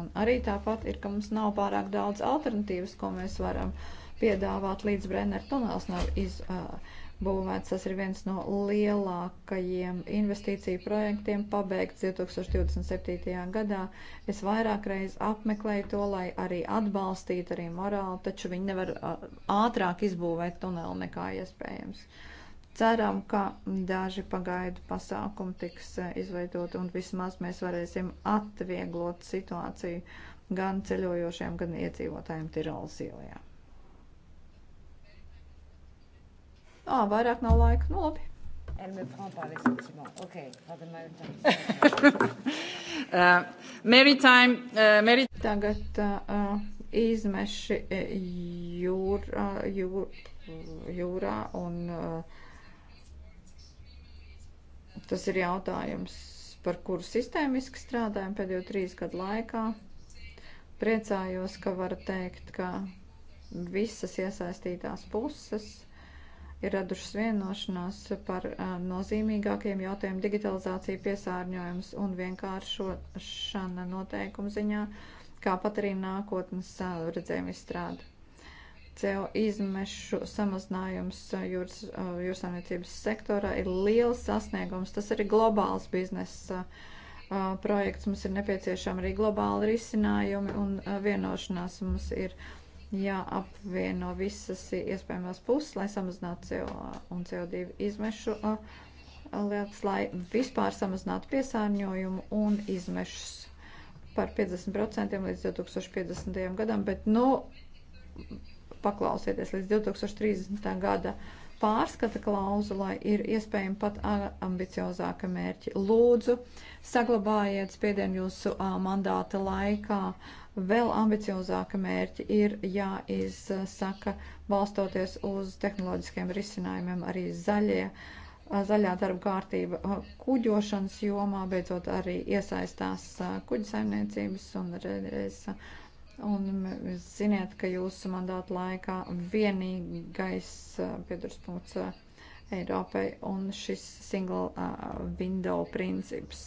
Un arī tāpat ir, ka mums nav pārāk daudz alternatīvas, ko mēs varam piedāvāt, līdz Brenner tunels nav iz. Uh, būvēts. Tas ir viens no lielākajiem investīciju projektiem, pabeigts 2027. gadā. Es vairāk reiz apmeklēju to, lai arī atbalstītu, arī morāli, taču viņi nevar ātrāk izbūvēt tuneli nekā iespējams. Ceram, ka daži pagaidu pasākumi tiks izveidoti un vismaz mēs varēsim atvieglot situāciju gan ceļojošiem, gan iedzīvotājiem Tirolas ielajā. Ā, vairāk nav laika. Nu, labi. Elle me prend par les sentiments. OK, for the maritime. uh, maritime, uh, maritime. Tagad uh, izmeši uh, jūra, jūr, jūrā un uh, tas ir jautājums, par kuru sistēmiski strādājam pēdējo trīs gadu laikā. Priecājos, ka varu teikt, ka visas iesaistītās puses – ir radušas vienošanās par nozīmīgākiem jautājumiem digitalizācija, piesārņojums un vienkāršošana noteikumu ziņā, kā pat arī nākotnes redzējumu izstrādi. CO izmešu samazinājums jūras, jūrsaimniecības sektorā ir liels sasniegums. Tas arī globāls biznesa projekts. Mums ir nepieciešama arī globāla risinājumi un vienošanās. Mums ir jāapvieno visas iespējamās puses, lai samazinātu CO un CO2 izmešu lietas, lai vispār samazinātu piesārņojumu un izmešus par 50% līdz 2050. gadam, bet, nu, paklausieties, līdz 2030. gada pārskata klauzulai ir iespējami pat ambiciozāka mērķi. Lūdzu, saglabājiet spiedienu jūsu mandāta laikā. Uh, Vēl ambiciozāka mērķa ir jāizsaka balstoties uz tehnoloģiskiem risinājumiem arī zaļie, zaļā darba kārtība kuģošanas jomā, beidzot arī iesaistās kuģa saimniecības un reizes. Un ziniet, ka jūsu mandāta laikā vienīgais pieturs punkts Eiropai un šis single window princips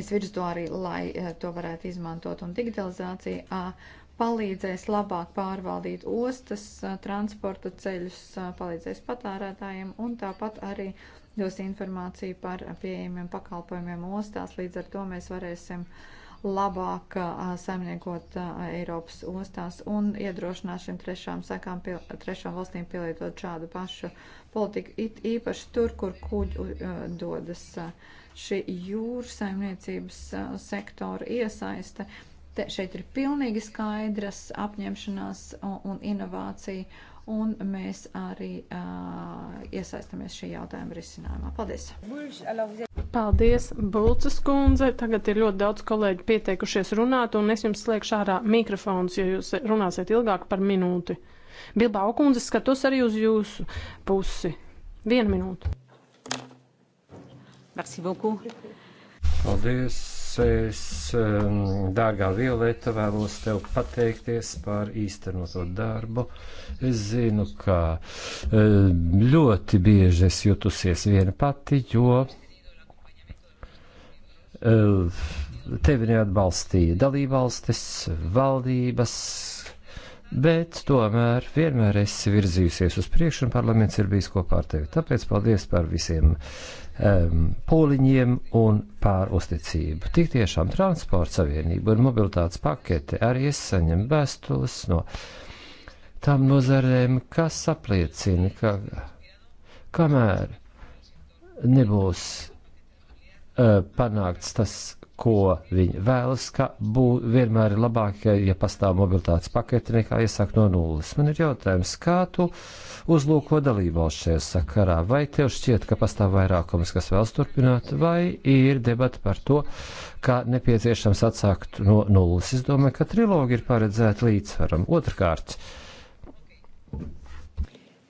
es virzu to arī, lai eh, to varētu izmantot. Un digitalizācija palīdzēs labāk pārvaldīt ostas, transporta ceļus, palīdzēs patērētājiem un tāpat arī dos informāciju par pieejamiem pakalpojumiem ostās. Līdz ar to mēs varēsim uh, labāk saimniekot Eiropas ostās un iedrošināt šim trešām, sekām, pil, trešām valstīm pielietot šādu pašu politiku, it īpaši tur, kur kuģi uh, dodas. Šī jūras saimniecības uh, sektora iesaiste, te, šeit ir pilnīgi skaidras apņemšanās un, un inovācija un mēs arī uh, iesaistamies šī jautājuma risinājumā. Paldies! Paldies, Bulces kundze! Tagad ir ļoti daudz kolēģi pieteikušies runāt, un es jums slēgšu ārā mikrofons, ja jūs runāsiet ilgāk par minūti. Bilbao kundze, skatos arī uz jūsu pusi. Vienu minūtu. Merci beaucoup. Paldies! puses, um, dārgā Violeta, vēlos tev pateikties par īstenoto darbu. Es zinu, ka um, ļoti bieži es jutusies viena pati, jo um, tevi neatbalstīja dalībvalstis, valdības, bet tomēr vienmēr esi virzījusies uz priekšu un parlaments ir bijis kopā ar tevi. Tāpēc paldies par visiem um, pūliņiem un pār uzticību. Tik tiešām transporta savienība un mobilitātes pakete arī es saņemu vēstules no tām nozarēm, kas apliecina, ka kamēr nebūs uh, panākts tas ko viņi vēlas, ka būt vienmēr ir labāk, ja pastāv mobilitātes paketi, nekā iesākt no nulles. Man ir jautājums, kā tu uzlūko dalībvalsts šajā sakarā? Vai tev šķiet, ka pastāv vairākums, kas vēlas turpināt, vai ir debata par to, ka nepieciešams atsākt no nulles? Es domāju, ka trilogi ir paredzēti līdzsvaram. Otrkārt.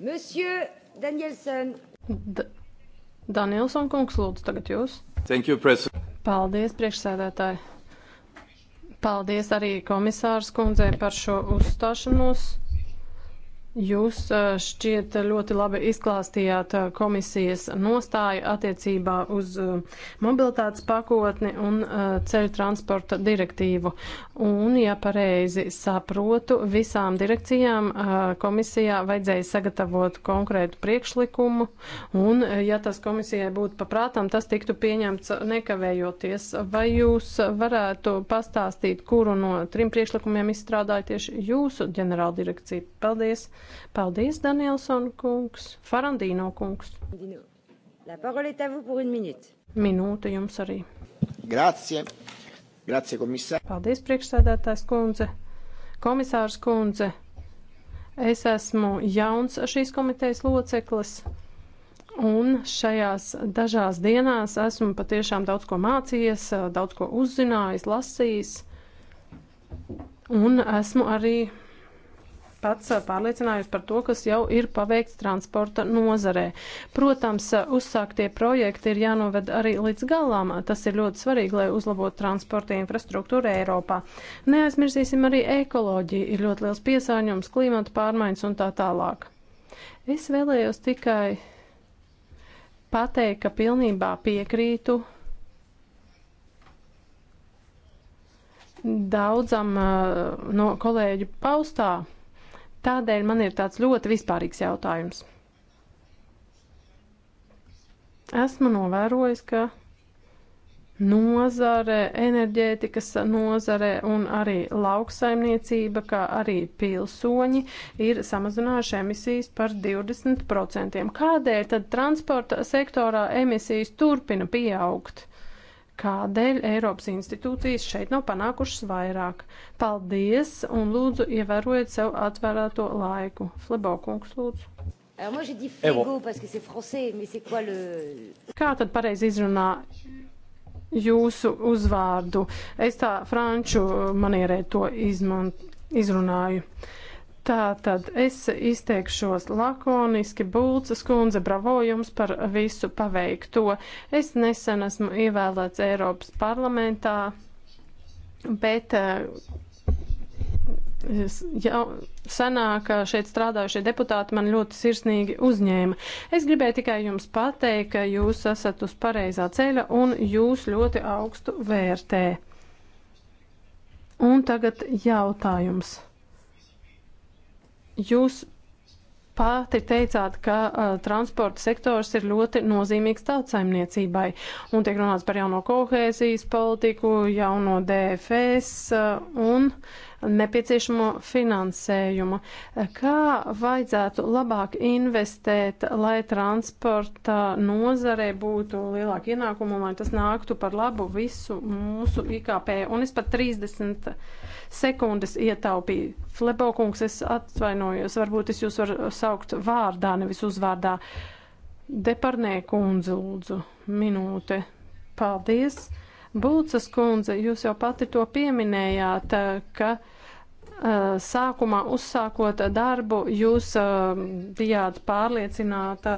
Monsieur Danielson. D Danielson kungs, lūdzu, tagad jūs. Thank you, president. Paldies, priekšsēdētāji. Paldies arī komisārs kundzei par šo uzstāšanos. Jūs šķiet ļoti labi izklāstījāt komisijas nostāju attiecībā uz mobilitātes pakotni un ceļu transporta direktīvu. Un, ja pareizi saprotu, visām direkcijām komisijā vajadzēja sagatavot konkrētu priekšlikumu, un, ja tas komisijai būtu paprātām, tas tiktu pieņemts nekavējoties. Vai jūs varētu pastāstīt, kuru no trim priekšlikumiem izstrādāja tieši jūsu ģenerāldirekcija? Paldies! Paldies, Danielson kungs! Farandīno kungs! Minūte jums arī. Grazie! Grazie, komisār. Paldies, priekšsēdētājs kundze. Komisārs kundze, es esmu jauns šīs komitejas loceklis. Un šajās dažās dienās esmu patiešām daudz ko mācījies, daudz ko uzzinājis, lasījis. Un esmu arī pats eh, pārliecinājos par to, kas jau ir paveikts transporta nozarē. Protams, eh, uzsāktie projekti ir jānoved arī līdz galām. Tas ir ļoti svarīgi, lai uzlabotu transporta infrastruktūru Eiropā. Neaizmirsīsim arī ekoloģiju. Ir ļoti liels piesāņums, klimata pārmaiņas un tā tālāk. Es vēlējos tikai pateikt, ka pilnībā piekrītu daudzam eh, no kolēģu paustā. Tādēļ man ir tāds ļoti vispārīgs jautājums. Esmu novērojis, ka nozare, enerģētikas nozare un arī lauksaimniecība, kā arī pilsoņi ir samazinājuši emisijas par 20%. Kādēļ tad transporta sektorā emisijas turpina pieaugt? kādēļ Eiropas institūcijas šeit nav panākušas vairāk. Paldies un lūdzu ievērojiet sev atvērto laiku. Flebo kungs, lūdzu. Eh, Kā tad pareizi izrunā jūsu uzvārdu? Es tā franču manierē to izman, izrunāju. Uh, Tā tad es izteikšos lakoniski, Bulcas kundze, bravo jums par visu paveikto. Es nesen esmu ievēlēts Eiropas parlamentā, bet eh, jau senāk šeit strādājušie deputāti man ļoti sirsnīgi uzņēma. Es gribēju tikai jums pateikt, ka jūs esat uz pareizā ceļa un jūs ļoti augstu vērtē. Un tagad jautājums. Jūs pati teicāt, ka uh, transporta sektors ir ļoti nozīmīgs tautsaimniecībai un tiek runāts par jauno kohēzijas politiku, jauno DFS uh, un uh, nepieciešamo finansējumu. Kā vajadzētu labāk investēt, lai transporta nozarē būtu lielāka ienākuma un lai tas nāktu par labu visu mūsu IKP? Un es pat 30 sekundes ietaupīju. Flebokungs, es atvainojos, varbūt es jūs varu saukt vārdā, nevis uzvārdā. Deparnē kundze, lūdzu, minūte. Paldies! Bulcas kundze, jūs jau pati to pieminējāt, eh, ka eh, sākumā uzsākot darbu, jūs eh, bijāt pārliecināta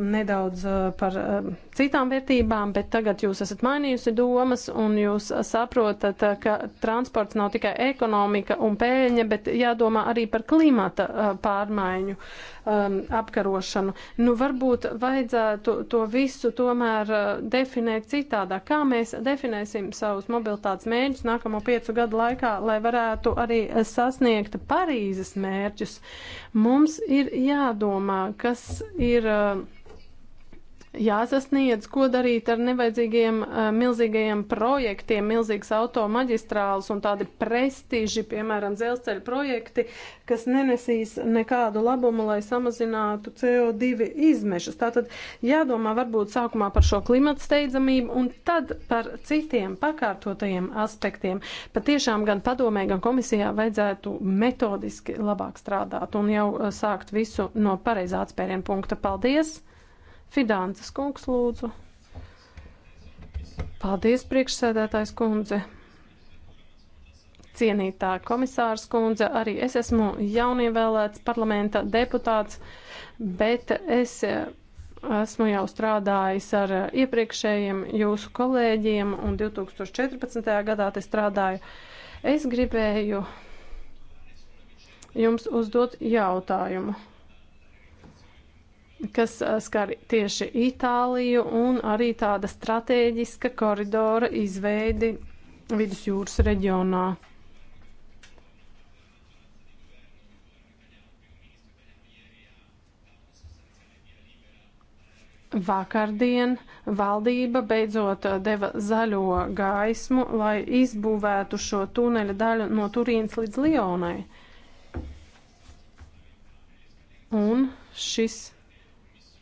nedaudz uh, par uh, citām vērtībām, bet tagad jūs esat mainījusi domas un jūs saprotat, uh, ka transports nav tikai ekonomika un pēļņa, bet jādomā arī par klimata pārmaiņu um, apkarošanu. Nu, varbūt vajadzētu to visu tomēr definēt citādā. Kā mēs definēsim savus mobilitātes mērķus nākamo piecu gadu laikā, lai varētu arī sasniegt Parīzes mērķus? Mums ir jādomā, kas ir. Uh, jāsasniedz, ko darīt ar nevajadzīgiem eh, milzīgajiem projektiem, milzīgas automaģistrāles un tādi prestiži, piemēram, dzelzceļa projekti, kas nenesīs nekādu labumu, lai samazinātu CO2 izmešas. Tātad jādomā varbūt sākumā par šo klimata steidzamību un tad par citiem pakārtotajiem aspektiem. Pat tiešām gan padomē, gan komisijā vajadzētu metodiski labāk strādāt un jau eh, sākt visu no pareizā atspērienu punkta. Paldies! Fidānces kungs lūdzu. Paldies, priekšsēdētājs kundze. Cienītā komisārs kundze, arī es esmu jaunievēlēts parlamenta deputāts, bet es eh, esmu jau strādājis ar eh, iepriekšējiem jūsu kolēģiem, un 2014. gadā te strādāju. Es gribēju jums uzdot jautājumu kas eh, skar tieši Itāliju un arī tāda strateģiska koridora izveidi vidusjūras reģionā. Vakardien valdība beidzot eh, deva zaļo gaismu, lai izbūvētu šo tuneļa daļu no Turīnas līdz Lionai. Un šis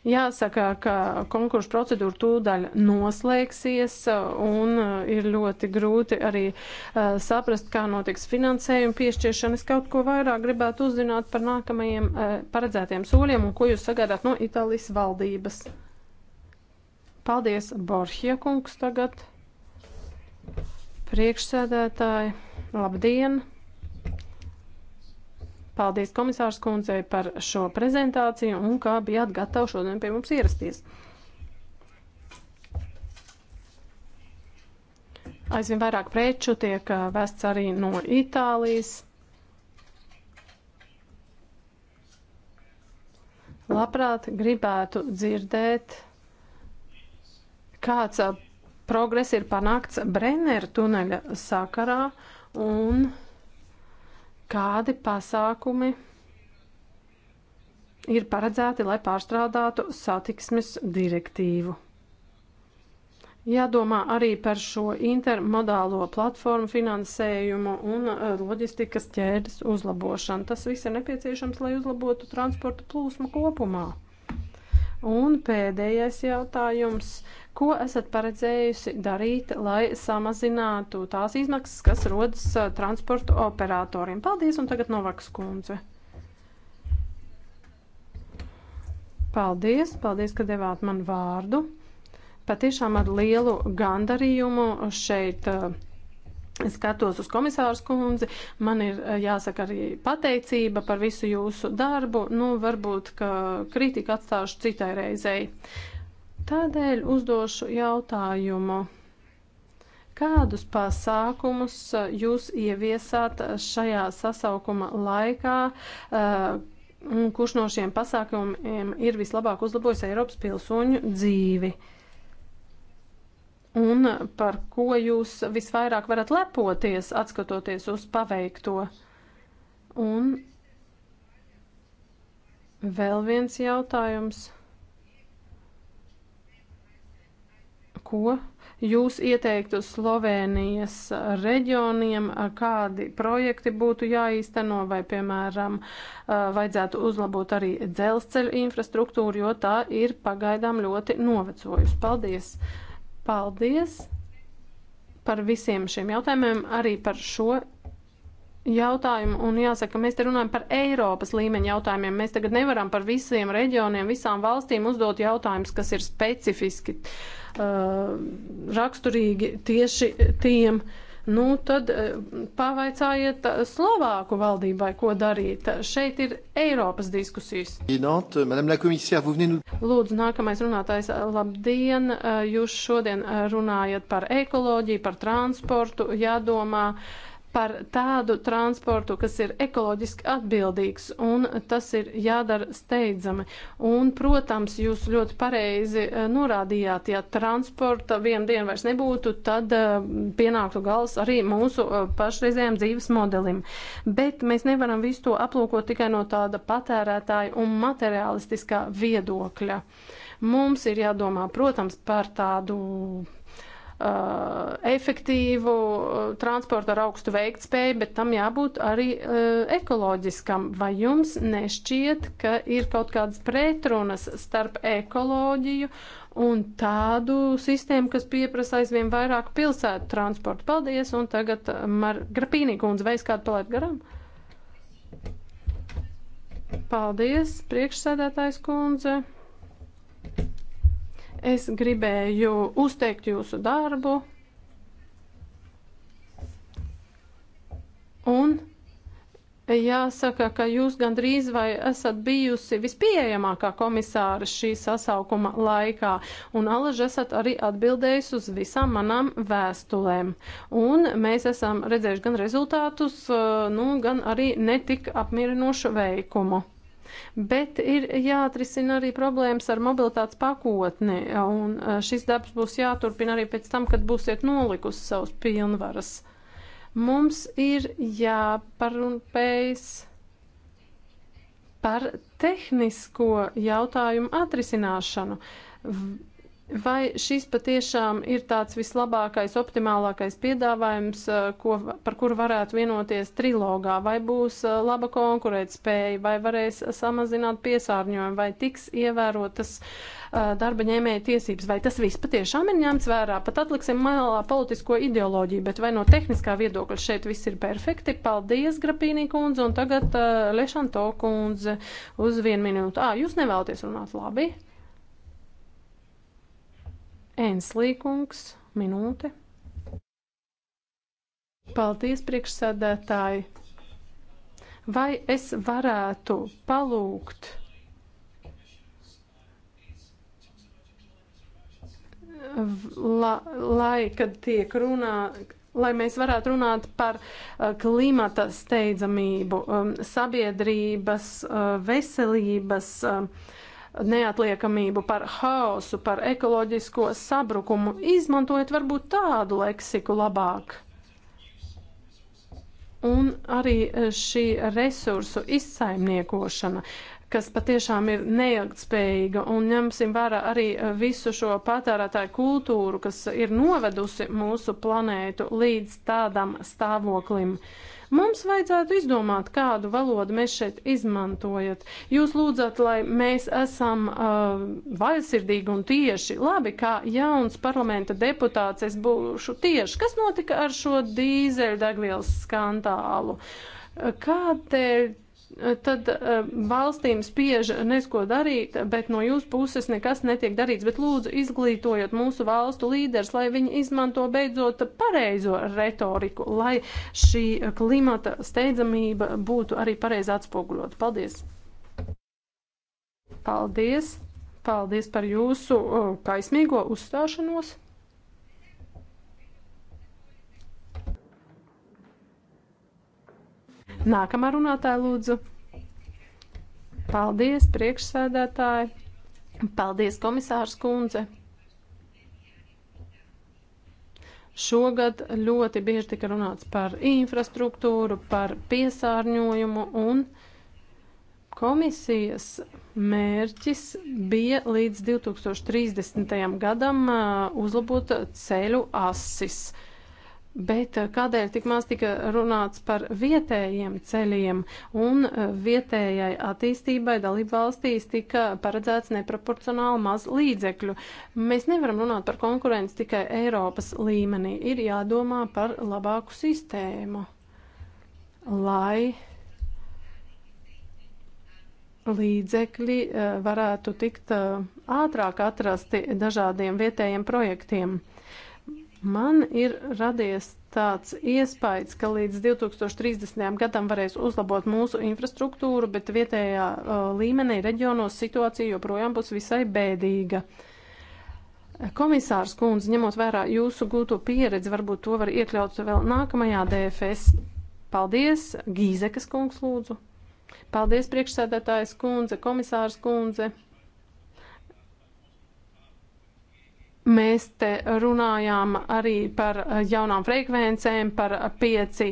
Jāsaka, ka konkursu procedūra tūdaļ noslēgsies un eh, ir ļoti grūti arī eh, saprast, kā notiks finansējuma piešķiršana. Es kaut ko vairāk gribētu uzzināt par nākamajiem eh, paredzētiem soļiem un ko jūs sagaidāt no Itālijas valdības. Paldies, Borhie kungs tagad. Priekšsēdētāji, labdien! Paldies komisārs kundzei par šo prezentāciju un kā bijāt gatavi šodien pie mums ierasties. Aizvien vairāk preču tiek vests arī no Itālijas. Labprāt gribētu dzirdēt, kāds progress ir panākts Brenner tuneļa sakarā un kādi pasākumi ir paredzēti, lai pārstrādātu satiksmes direktīvu. Jādomā arī par šo intermodālo platformu finansējumu un uh, loģistikas ķēdes uzlabošanu. Tas viss ir nepieciešams, lai uzlabotu transporta plūsmu kopumā. Un pēdējais jautājums. Uh, Ko esat paredzējusi darīt, lai samazinātu tās izmaksas, kas rodas transporta operatoriem? Paldies, un tagad Novaks kundze. Paldies, paldies, ka devāt man vārdu. Patiešām ar lielu gandarījumu šeit uh, skatos uz komisārs kundzi, man ir jāsaka arī pateicība par visu jūsu darbu, nu varbūt, ka kritika atstāšu citai reizei. Tādēļ uzdošu jautājumu. Kādus pasākumus uh, jūs ieviesāt uh, šajā sasaukuma laikā, uh, un kurš no šiem pasākumiem ir vislabāk uzlabojis Eiropas pilsoņu dzīvi? Un par ko jūs visvairāk varat lepoties, atskatoties uz paveikto? Un vēl viens jautājums. ko jūs ieteiktu Slovenijas reģioniem, kādi projekti būtu jāīsteno, vai, piemēram, vajadzētu uzlabot arī dzelzceļa infrastruktūru, jo tā ir pagaidām ļoti novecojusi. Paldies! Paldies par visiem šiem jautājumiem, arī par šo jautājumu, un jāsaka, mēs te runājam par Eiropas līmeņa jautājumiem. Mēs tagad nevaram par visiem reģioniem, visām valstīm uzdot jautājumus, kas ir specifiski uh, raksturīgi tieši tiem. Nu, tad uh, pavaicājiet uh, Slovāku valdībai, ko darīt. Šeit ir Eiropas diskusijas. Lūdzu, nākamais runātājs, uh, labdien! Uh, jūs šodien runājat par ekoloģiju, par transportu, jādomā. Uh, par tādu transportu, kas ir ekoloģiski atbildīgs, un tas ir jādara steidzami. Un, protams, jūs ļoti pareizi eh, norādījāt, ja transporta vienu dienu vairs nebūtu, tad eh, pienāktu gals arī mūsu eh, pašreizējiem dzīves modelim. Bet mēs nevaram visu to aplūkot tikai no tāda patērētāja un materiālistiskā viedokļa. Mums ir jādomā, protams, par tādu uh, efektīvu uh, transportu ar augstu veiktspēju, bet tam jābūt arī uh, ekoloģiskam. Vai jums nešķiet, ka ir kaut kādas pretrunas starp ekoloģiju un tādu sistēmu, kas pieprasa aizvien vairāk pilsētu transportu? Paldies, un tagad uh, Mar Grapīnī kundze, vai es kādu palēt garām? Paldies, priekšsēdētājs kundze. Es gribēju uzteikt jūsu darbu un jāsaka, ka jūs gandrīz vai esat bijusi vispieejamākā komisāra šī sasaukuma laikā un alaži esat arī atbildējis uz visām manām vēstulēm. Un mēs esam redzējuši gan rezultātus, nu, gan arī netik apmierinošu veikumu bet ir jāatrisina arī problēmas ar mobilitātes pakotni, un e, šis darbs būs jāturpina arī pēc tam, kad būsiet nolikusi savus pilnvaras. Mums ir jāparunpējas par tehnisko jautājumu atrisināšanu. V Vai šis patiešām ir tāds vislabākais, optimālākais piedāvājums, eh, ko, par kuru varētu vienoties trilogā? Vai būs eh, laba konkurētspēja, vai varēs samazināt piesārņojumu, vai tiks ievērotas eh, darba ņēmēja tiesības, vai tas viss patiešām ir ņemts vērā? Pat atliksim malā politisko ideoloģiju, bet vai no tehniskā viedokļa šeit viss ir perfekti? Paldies, Grapīnī kundze, un tagad Lešanto kundze uz vienu minūtu. Ā, jūs nevēlaties runāt labi? Enslīkungs, minūte. Paldies, priekšsēdētāji. Vai es varētu palūgt la, lai, kad tiek runā, lai mēs varētu runāt par uh, klimata steidzamību, um, sabiedrības, uh, veselības, uh, neatliekamību, par haosu, par ekoloģisko sabrukumu. Izmantojiet varbūt tādu leksiku labāk. Un arī eh, šī resursu izsaimniekošana. Uh, kas patiešām ir neilgtspējīga, un ņemsim vērā arī e, visu šo patērētāju kultūru, kas ir novedusi mūsu planētu līdz tādam stāvoklim. Mums vajadzētu izdomāt, kādu valodu mēs šeit izmantojat. Jūs lūdzat, lai mēs esam uh, vaļsirdīgi un tieši. Labi, kā jauns parlamenta deputāts es būšu tieši. Kas notika ar šo dīzeļdegvielas skandālu? Kādēļ tad e, valstīm spiež nesko darīt, bet no jūsu puses nekas netiek darīts. Bet lūdzu, izglītojot mūsu valstu līderus, lai viņi izmanto beidzot pareizo retoriku, lai šī klimata steidzamība būtu arī pareizi atspoguļot. Paldies! Paldies! Paldies par jūsu e, kaismīgo uzstāšanos! Nākamā runātāja lūdzu. Paldies, priekšsēdētāji. Paldies, komisārs kundze. Šogad ļoti bieži tika runāts par infrastruktūru, par piesārņojumu un komisijas mērķis bija līdz 2030. gadam uh, uzlabot ceļu asis. Uh, Bet eh, kādēļ tik maz tika runāts par vietējiem ceļiem un eh, vietējai attīstībai dalību valstīs tika paredzēts neproporcionāli maz līdzekļu? Mēs nevaram runāt par konkurenci tikai Eiropas līmenī. Ir jādomā par labāku sistēmu, lai līdzekļi eh, varētu tikt ātrāk atrasti dažādiem vietējiem projektiem. Man ir radies tāds iespējas, ka līdz 2030. gadam varēs uzlabot mūsu infrastruktūru, bet vietējā uh, līmenī reģionos situācija joprojām būs visai bēdīga. Komisārs kundze, ņemot vērā jūsu gūto pieredzi, varbūt to var iekļaut vēl nākamajā DFS. Paldies, Gīzekas kungs lūdzu. Paldies, priekšsēdētājs kundze, komisārs kundze. Mēs te runājām arī par jaunām frekvencēm, par 5G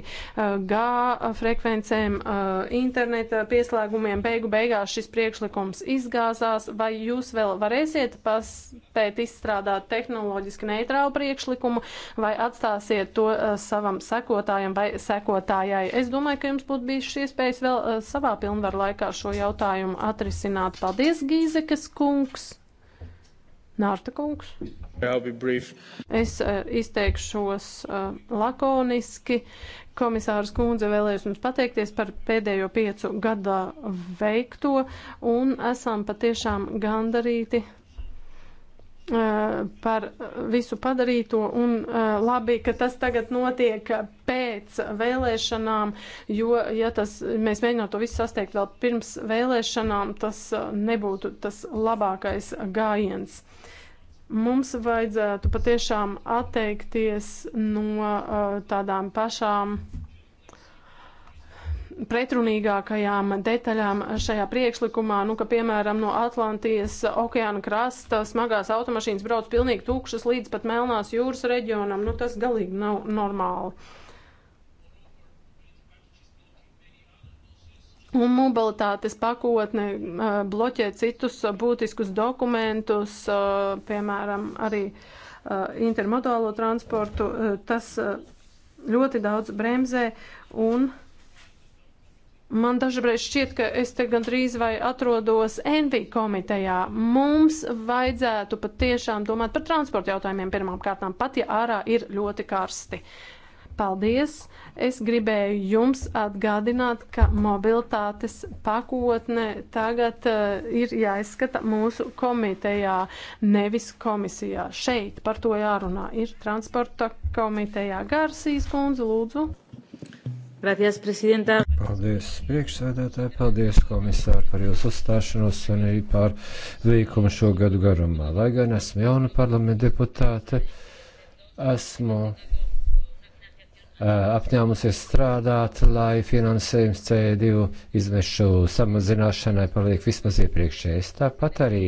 eh, frekvencēm, eh, interneta pieslēgumiem. Beigu beigās šis priekšlikums izgāzās. Vai jūs vēl varēsiet paspēt izstrādāt tehnoloģiski neitrālu priekšlikumu vai atstāsiet to eh, savam sekotājam vai sekotājai? Es domāju, ka jums būtu bijušas iespējas vēl savā pilnvaru laikā šo jautājumu atrisināt. Paldies, Gīzekas kungs! Nārta kungs. Es uh, izteikšos uh, lakoniski. Komisārs kundze vēlējos jums pateikties par pēdējo piecu gadā veikto un esam patiešām gandarīti par visu padarīto un labi, ka tas tagad notiek pēc vēlēšanām, jo, ja tas, mēs mēģinām to visu sasteikt vēl pirms vēlēšanām, tas nebūtu tas labākais gājiens. Mums vajadzētu patiešām atteikties no tādām pašām pretrunīgākajām detaļām šajā priekšlikumā, nu, ka, piemēram, no Atlantijas okeāna krasta smagās automašīnas brauc pilnīgi tukšas līdz pat Melnās jūras reģionam, nu, tas galīgi nav normāli. Un mobilitātes pakotne uh, bloķē citus būtiskus dokumentus, uh, piemēram, arī uh, intermodālo transportu. Tas ļoti daudz bremzē un. Man dažreiz šķiet, ka es te gandrīz vai atrodos NV komitejā. Mums vajadzētu patiešām domāt par transporta jautājumiem pirmām kārtām, pat ja ārā ir ļoti karsti. Paldies! Es gribēju jums atgādināt, ka mobilitātes pakotne tagad uh, ir jāizskata mūsu komitejā, nevis komisijā. Šeit par to jārunā ir transporta komitejā. Garsīs kundze, lūdzu! Gracias, prezidentā. Paldies, priekšsēdētāji, paldies, komisāri, par jūsu uzstāšanos un arī par veikumu šo gadu garumā. Lai gan esmu jauna parlamenta deputāte, esmu apņēmusies strādāt, lai finansējums CO2 izmešu samazināšanai paliek vismaz iepriekšējais. Tāpat arī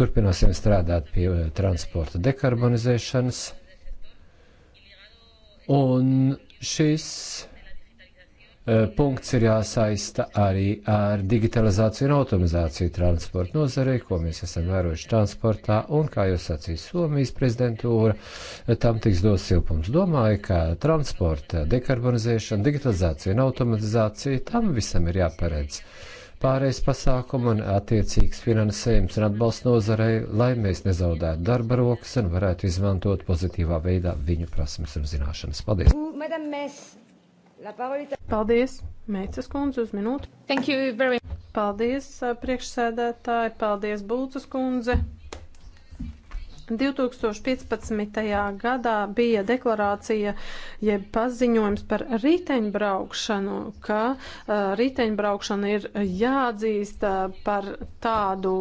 turpināsim strādāt pie transporta dekarbonizēšanas. Un šis Eh, punkts ir jāsaista arī ar digitalizāciju un automizāciju transporta nozarē, ko mēs esam vērojuši transportā, un, kā jūs sacīja Somijas prezidentūra, eh, tam tiks dos silpums. Domāju, ka transporta dekarbonizēšana, digitalizācija un automatizācija tam visam ir jāparedz pārējais pasākumu un attiecīgs finansējums un atbalsts nozarei, lai mēs nezaudētu darba rokas un varētu izmantot pozitīvā veidā viņu prasmes un zināšanas. Paldies! Madam, mēs... Paldies, Meicas kundze, uz minūti. Thank you very much. Paldies, priekšsēdētāji, paldies, Bulcas kundze. 2015. gadā bija deklarācija jeb paziņojums par riteņbraukšanu, ka uh, riteņbraukšana ir jāatzīst uh, par tādu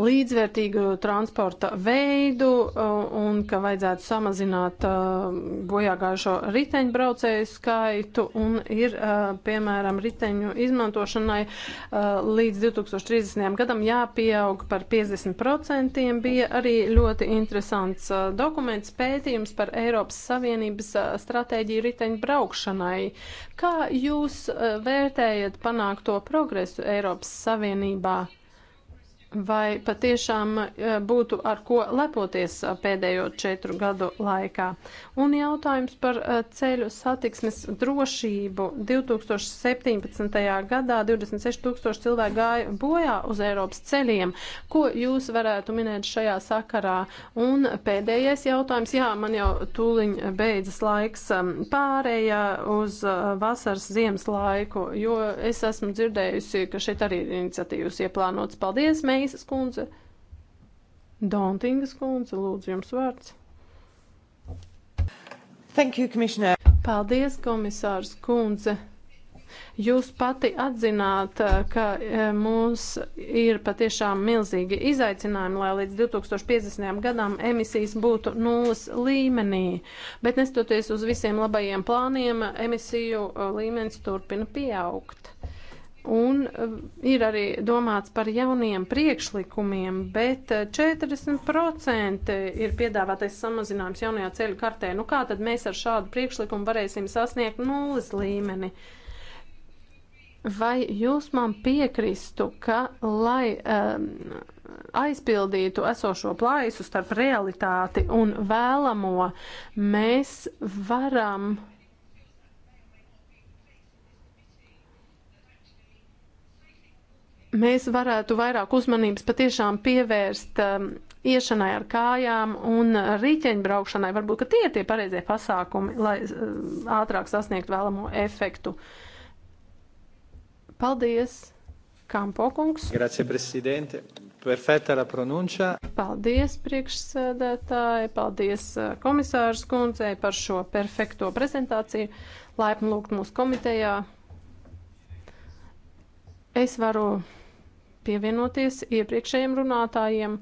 līdzvērtīgu transporta veidu uh, un ka vajadzētu samazināt uh, bojāgājušo riteņbraucēju skaitu un ir, uh, piemēram, riteņu izmantošanai uh, līdz 2030. gadam jāpieaug par 50%. Bija arī ļoti interesants uh, dokuments pētījums par Eiropas Savienības uh, stratēģiju riteņbraukšanai. Kā jūs uh, vērtējat panākto progresu Eiropas Savienībā? vai patiešām e, būtu ar ko lepoties e, pēdējo četru gadu laikā. Un jautājums par e, ceļu satiksmes drošību. 2017. gadā 26 tūkstoši cilvēku gāja bojā uz Eiropas ceļiem. Ko jūs varētu minēt šajā sakarā? Un pēdējais jautājums, jā, man jau tūliņ beidzas laiks pārējā uz vasaras ziemas laiku, jo es esmu dzirdējusi, ka šeit arī ir iniciatīvas ieplānotas. Paldies! Mei Meisas kundze, Dontingas kundze, lūdzu jums vārds. Thank you, Commissioner. Paldies, komisārs kundze. Jūs pati atzināt, eh, ka eh, mums ir patiešām milzīgi izaicinājumi, lai līdz 2050. gadam emisijas būtu nulles līmenī, bet nestoties uz visiem labajiem plāniem, emisiju eh, līmenis turpina pieaugt. Un eh, ir arī domāts par jauniem priekšlikumiem, bet 40% eh, ir piedāvātais samazinājums jaunajā ceļu kartē. Nu kā tad mēs ar šādu priekšlikumu varēsim sasniegt nulles līmeni? Vai jūs man piekristu, ka lai. Um, aizpildītu esošo plaisu starp realitāti un vēlamo, mēs varam mēs varētu vairāk uzmanības patiešām pievērst um, iešanai ar kājām un rīķeņbraukšanai. Varbūt, ka tie ir tie pareizie pasākumi, lai uh, ātrāk sasniegt vēlamo efektu. Paldies, Kampo kungs. Grazie, prezidente. Perfekta la pronuncia. Paldies, priekšsēdētāji, paldies uh, komisārs kundzei par šo perfekto prezentāciju. Laipni lūgt mūsu komitejā. Es varu pievienoties iepriekšējiem runātājiem.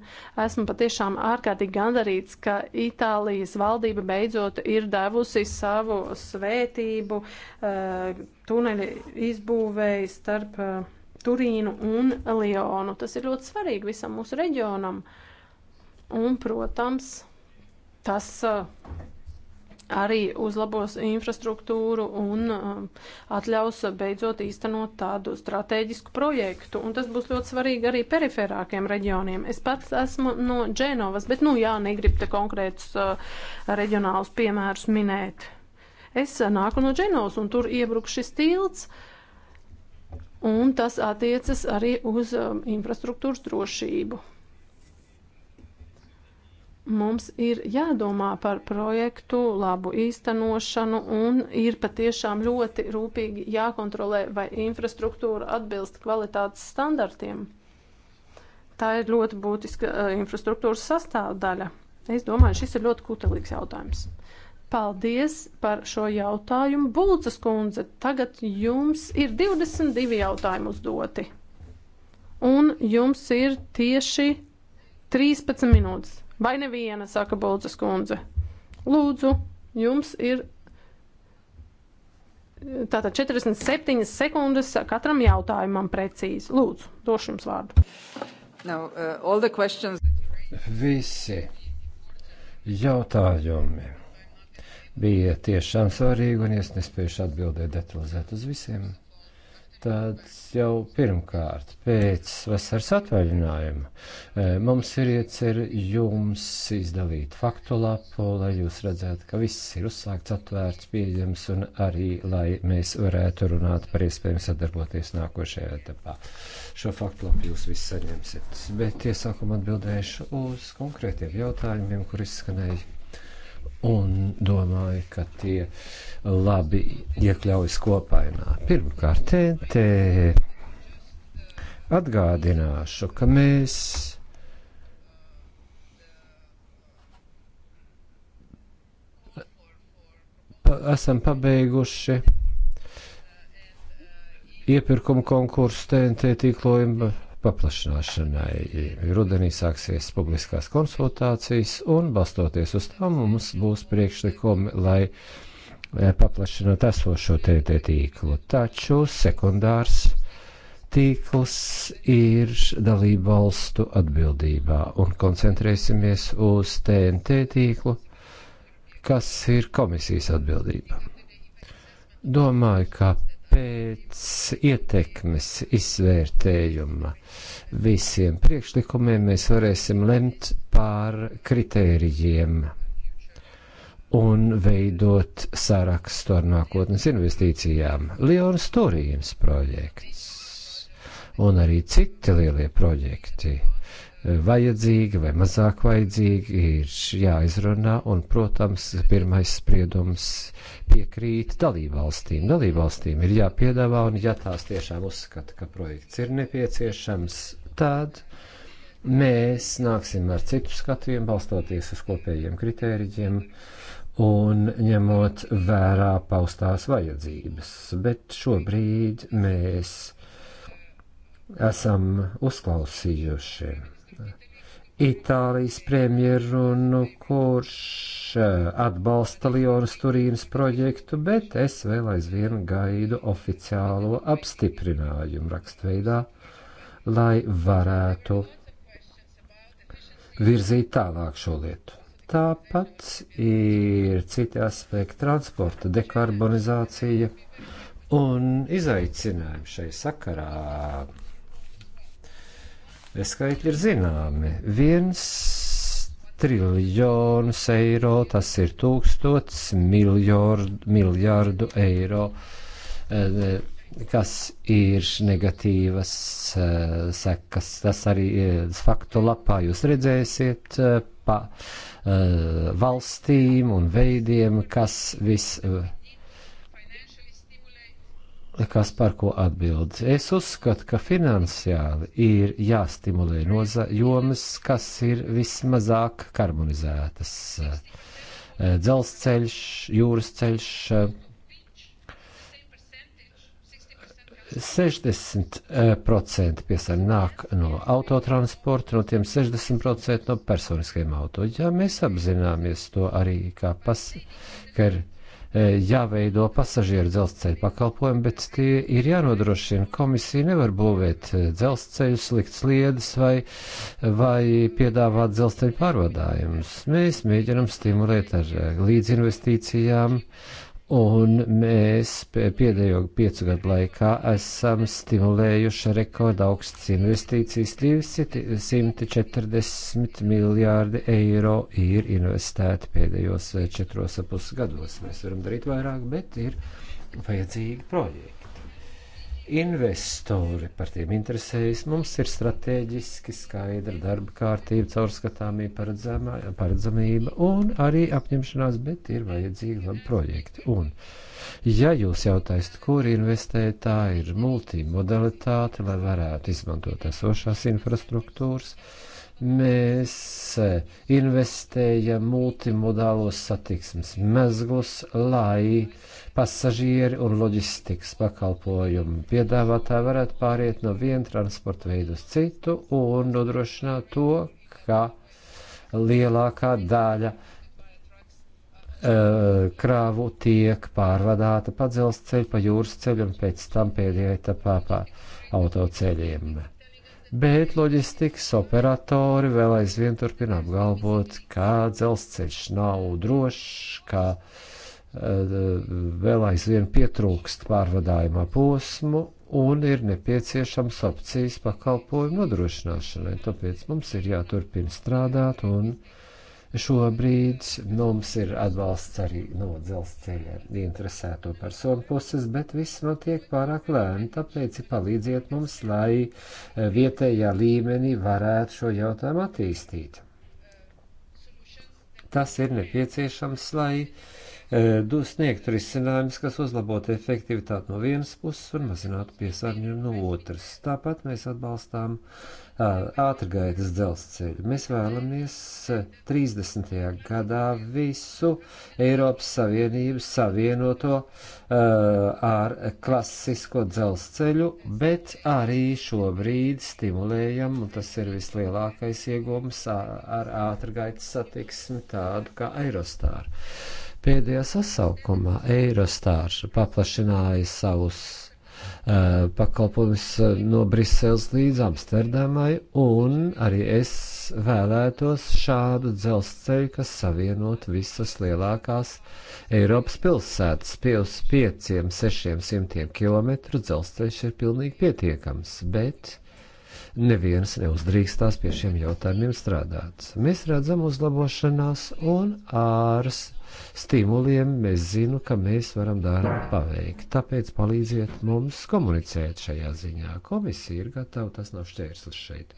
Esmu patiešām ārkārtīgi gandarīts, ka Itālijas valdība beidzot ir devusi savu svētību uh, tuneļa izbūvēji starp uh, Turīnu un Lionu. Tas ir ļoti svarīgi visam mūsu reģionam. Un, protams, tas. Uh, arī uzlabos infrastruktūru un um, atļaus beidzot īstenot tādu strateģisku projektu. Un tas būs ļoti svarīgi arī periferākiem reģioniem. Es pats esmu no Dženovas, bet, nu, jā, negrib te konkrētus uh, reģionālus piemērus minēt. Es uh, nāku no Dženovas un tur iebruk šis tilts. Un tas attiecas arī uz um, infrastruktūras drošību. Mums ir jādomā par projektu labu īstenošanu un ir patiešām ļoti rūpīgi jākontrolē, vai infrastruktūra atbilst kvalitātes standartiem. Tā ir ļoti būtiska infrastruktūras sastāvdaļa. Es domāju, šis ir ļoti kutelīgs jautājums. Paldies par šo jautājumu. Bulcas kundze, tagad jums ir 22 jautājumi uzdoti. Un jums ir tieši 13 minūtes. Vai neviena, saka Bulcas kundze. Lūdzu, jums ir tātad 47 sekundes katram jautājumam precīzi. Lūdzu, došu jums vārdu. Now, uh, all the questions... Visi jautājumi bija tiešām svarīgi, un es nespēju atbildēt detalizēt uz visiem. Tad jau pirmkārt, pēc vasaras atvaļinājuma e, mums ir iecer jums izdalīt faktu lapu, lai jūs redzētu, ka viss ir uzsākts, atvērts, pieejams un arī, lai mēs varētu runāt par iespējami sadarboties nākošajā etapā. Šo faktu lapu jūs visi saņemsiet. Bet iesākumā atbildēšu uz konkrētiem jautājumiem, kur izskanēja un domāju, ka tie labi iekļaujas kopainā. Pirmkārt, te atgādināšu, ka mēs pa esam pabeiguši iepirkumu konkursu TNT tīklojuma paplašināšanai. Rudenī sāksies publiskās konsultācijas, un balstoties uz tām mums būs priekšlikumi, lai e, paplašinātu esošo TT tīklu. Taču sekundārs tīkls ir dalību valstu atbildībā, un koncentrēsimies uz TNT tīklu, kas ir komisijas atbildība. Domāju, ka pēc ietekmes izvērtējuma visiem priekšlikumiem mēs varēsim lemt pār kritērijiem un veidot sarakstu ar nākotnes investīcijām. Lions Turīns projekts un arī citi lielie projekti vajadzīgi vai mazāk vajadzīgi, ir jāizrunā, un, protams, pirmais spriedums piekrīt dalībvalstīm. Dalībvalstīm ir jāpiedāvā, un ja tās tiešām uzskata, ka projekts ir nepieciešams, tad mēs nāksim ar citu skatiem, balstoties uz kopējiem kritērijiem un ņemot vērā paustās vajadzības. Bet šobrīd mēs esam uzklausījuši Itālijas premjerunu, kurš eh, atbalsta Lionas Turīnas projektu, bet es vēl aizvien gaidu oficiālo apstiprinājumu rakstveidā, lai varētu virzīt tālāk šo lietu. Tāpat ir citi aspekti - transporta dekarbonizācija un izaicinājumi šai sakarā Skaitļi ir zināmi. Viens triljonus eiro, tas ir tūkstots miljārdu, miljārdu eiro, eh, kas ir negatīvas eh, sekas. Tas arī eh, faktu lapā jūs redzēsiet pa valstīm un veidiem, kas viss kas par ko atbild. Es uzskatu, ka finansiāli ir jāstimulē noza jomas, kas ir vismazāk karbonizētas. Eh, dzelzceļš, jūras ceļš. 60% eh, eh, piesārņu nāk no autotransporta, no tiem 60% no personiskiem auto. Ja mēs apzināmies to arī kā pas, ka ir E, jāveido pasažieru dzelzceļa pakalpojumi, bet tie ir jānodrošina. Komisija nevar būvēt e, dzelzceļus, likt sliedas vai, vai piedāvāt dzelzceļa pārvadājumus. Mēs mēģinam stimulēt ar e, līdzinvestīcijām Un mēs pēdējo piecu gadu laikā esam stimulējuši rekorda augstas investīcijas. 240 miljārdi eiro ir investēti pēdējos eh, četros apus gados. Mēs varam darīt vairāk, bet ir vajadzīgi projekti investori par tiem interesējas. Mums ir strateģiski skaidra darba kārtība, caurskatāmība, paredzamība un arī apņemšanās, bet ir vajadzīgi labi projekti. Un, ja jūs jautājat, kur investēt, tā ir multimodalitāte, lai varētu izmantot esošās infrastruktūras. Mēs eh, investējam multimodālos satiksmes mezglus, lai uh, pasažieri un loģistikas pakalpojumu piedāvātāji varētu pāriet no viena transporta veidu uz citu un nodrošināt to, ka lielākā daļa eh, krāvu tiek pārvadāta pa dzelzceļu, pa jūras ceļu un pēc tam pēdējā etapā pa autoceļiem. Bet loģistikas operatori vēl aizvien turpina apgalvot, ka dzelzceļš nav drošs, ka uh, Eh, vēl aizvien pietrūkst pārvadājumā posmu un ir nepieciešams opcijas pakalpojumu nodrošināšanai. Tāpēc mums ir jāturpina strādāt un šobrīd mums ir atbalsts arī no dzelzceļa interesēto personu puses, bet viss notiek pārāk lēni, tāpēc palīdziet mums, lai eh, vietējā līmenī varētu šo jautājumu attīstīt. Tas ir nepieciešams, lai uh, E, sniegt risinājumus, kas uzlabotu efektivitāti no vienas puses un mazinātu piesārņojumu no otras. Tāpat mēs atbalstām e, ātrgaitas dzelzceļu. Mēs vēlamies 30. E, gadā visu Eiropas Savienību savienoto uh, ar klasisko dzelzceļu, bet arī šobrīd stimulējam, un tas ir vislielākais iegūms ar, ar ātrgaitas satiksmi tādu kā Eirostāru. Pēdējā sasaukumā Eirostārs paplašināja savus uh, pakalpojumus eh, no Briseles līdz Amsterdamai, un arī es vēlētos šādu dzelzceļu, kas savienot visas lielākās Eiropas pilsētas. Pils pieciem, sešiem simtiem kilometru dzelzceļš ir pilnīgi pietiekams, bet neviens neuzdrīkstās pie šiem jautājumiem strādāt. Mēs redzam uzlabošanās un ārs stimuliem, mēs zinām, ka mēs varam darbu paveikt. Tāpēc palīdziet mums komunicēt šajā ziņā. Komisija ir gatava, tas nav šķērslis šeit.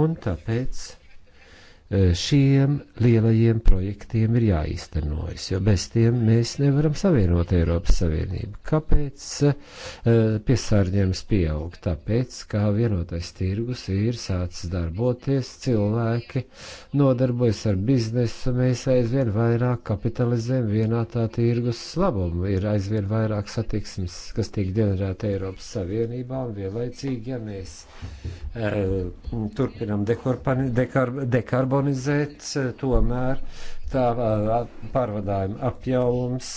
Un tāpēc Eh, šiem lielajiem projektiem ir jāīstenojas, jo bez tiem mēs nevaram savienot Eiropas Savienību. Kāpēc eh, piesārņojums pieaug? Tāpēc, kā vienotais tirgus ir sācis darboties, cilvēki nodarbojas ar biznesu, mēs aizvien vairāk kapitalizējam vienā tā tirgus labumu, ir aizvien vairāk satiksmes, kas tiek ģenerēta Eiropas Savienībā, un vienlaicīgi, ja mēs eh, turpinam dekarbonizāciju, dekar, dekar, dekarbonizēt, tomēr tā pārvadājuma apjoms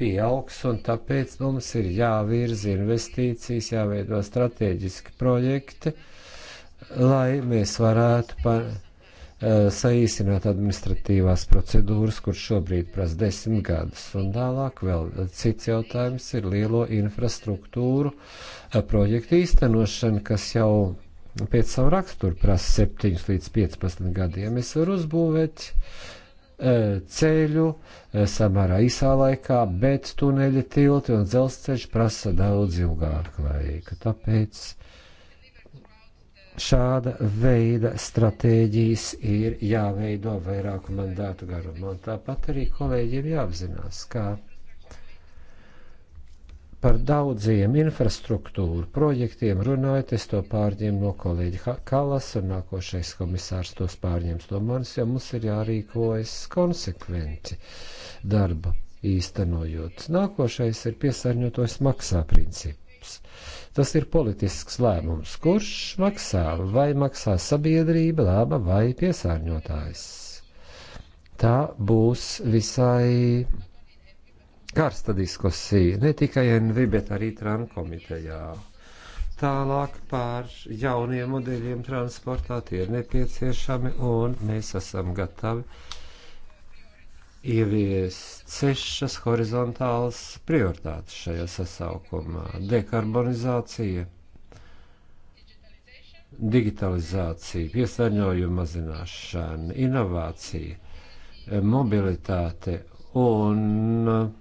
pieaugs, un tāpēc mums ir jāvirza investīcijas, jāveido strateģiski projekti, lai mēs varētu par, uh, saīsināt administratīvās procedūras, kur šobrīd prasa desmit gadus. Un tālāk vēl cits jautājums ir lielo infrastruktūru uh, projektu īstenošana, kas jau Nu, pēc savu raksturu prasa 7 līdz 15 gadiem. Es varu uzbūvēt e, ceļu e, samērā īsā laikā, bet tuneļa tilti un dzelzceļš prasa daudz ilgāku laiku. Tāpēc šāda veida stratēģijas ir jāveido vairāku mandātu garumā. Un tāpat arī kolēģiem jāapzinās, ka par daudziem infrastruktūru projektiem runājot, es to pārņēmu no kolēģa Kalas, un nākošais komisārs tos pārņems no manis, jo mums ir jārīkojas konsekventi darba īstenojot. Nākošais ir piesārņotojs maksā princips. Tas ir politisks lēmums, kurš maksā, vai maksā sabiedrība, laba vai piesārņotājs. Tā būs visai karsta diskusija ne tikai NV, bet arī TRAN komitejā. Tālāk par jauniem modeļiem transportā tie ir nepieciešami un mēs esam gatavi ieviest sešas horizontālas prioritātes šajā sasaukumā - dekarbonizācija, digitalizācija, piesārņojuma mazināšana, inovācija, mobilitāte un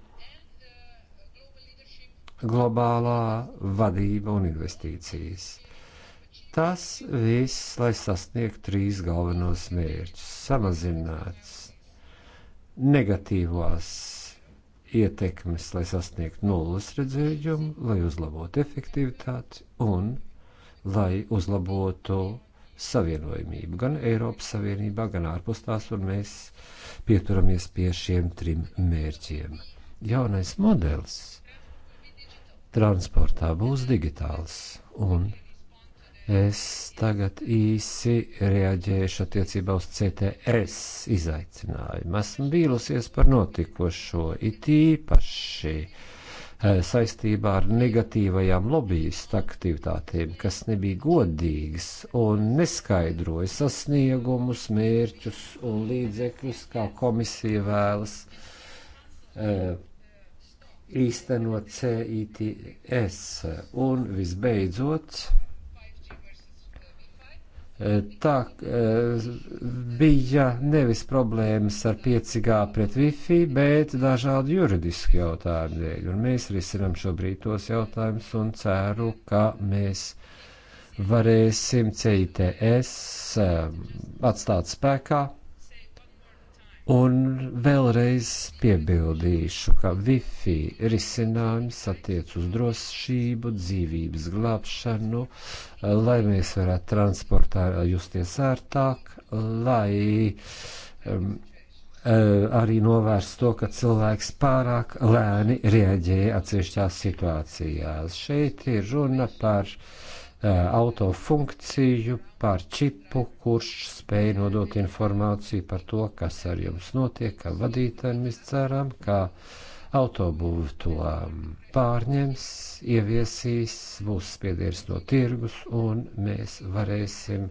globālā vadība un investīcijas. Tas viss, lai sasniegtu trīs galvenos mērķus - samazināts negatīvās ietekmes, lai sasniegtu nulles redzējumu, lai uzlabotu efektivitāti un lai uzlabotu savienojamību gan Eiropas Savienībā, gan ārpus tās, un mēs pieturamies pie šiem trim mērķiem. Jaunais modelis transportā būs digitāls. Un es tagad īsi reaģēšu attiecībā uz CTS izaicinājumu. Esmu vīlusies par notikošo, it īpaši eh, saistībā ar negatīvajām lobbyistu aktivitātēm, kas nebija godīgas un neskaidroja sasniegumus, mērķus un līdzekļus, kā komisija vēlas uh, īstenot CITS. Un visbeidzot, tā eh, bija nevis problēmas ar 5G pret Wi-Fi, bet dažādu juridisku jautājumu dēļ. Un mēs risinam šobrīd tos jautājumus un ceru, ka mēs varēsim CITS eh, atstāt spēkā Un vēlreiz piebildīšu, ka Wi-Fi risinājums attiec uz drošību, dzīvības glābšanu, lai mēs varētu transportā justies ērtāk, lai um, eh, arī novērst to, ka cilvēks pārāk lēni rieģēja atsevišķās situācijās. Šeit ir runa par uh, auto funkciju, par čipu, kurš spēj nodot informāciju par to, kas ar jums notiek, kā vadītājiem mēs ceram, ka autobūvi to pārņems, ieviesīs, būs spiediens no tirgus un mēs varēsim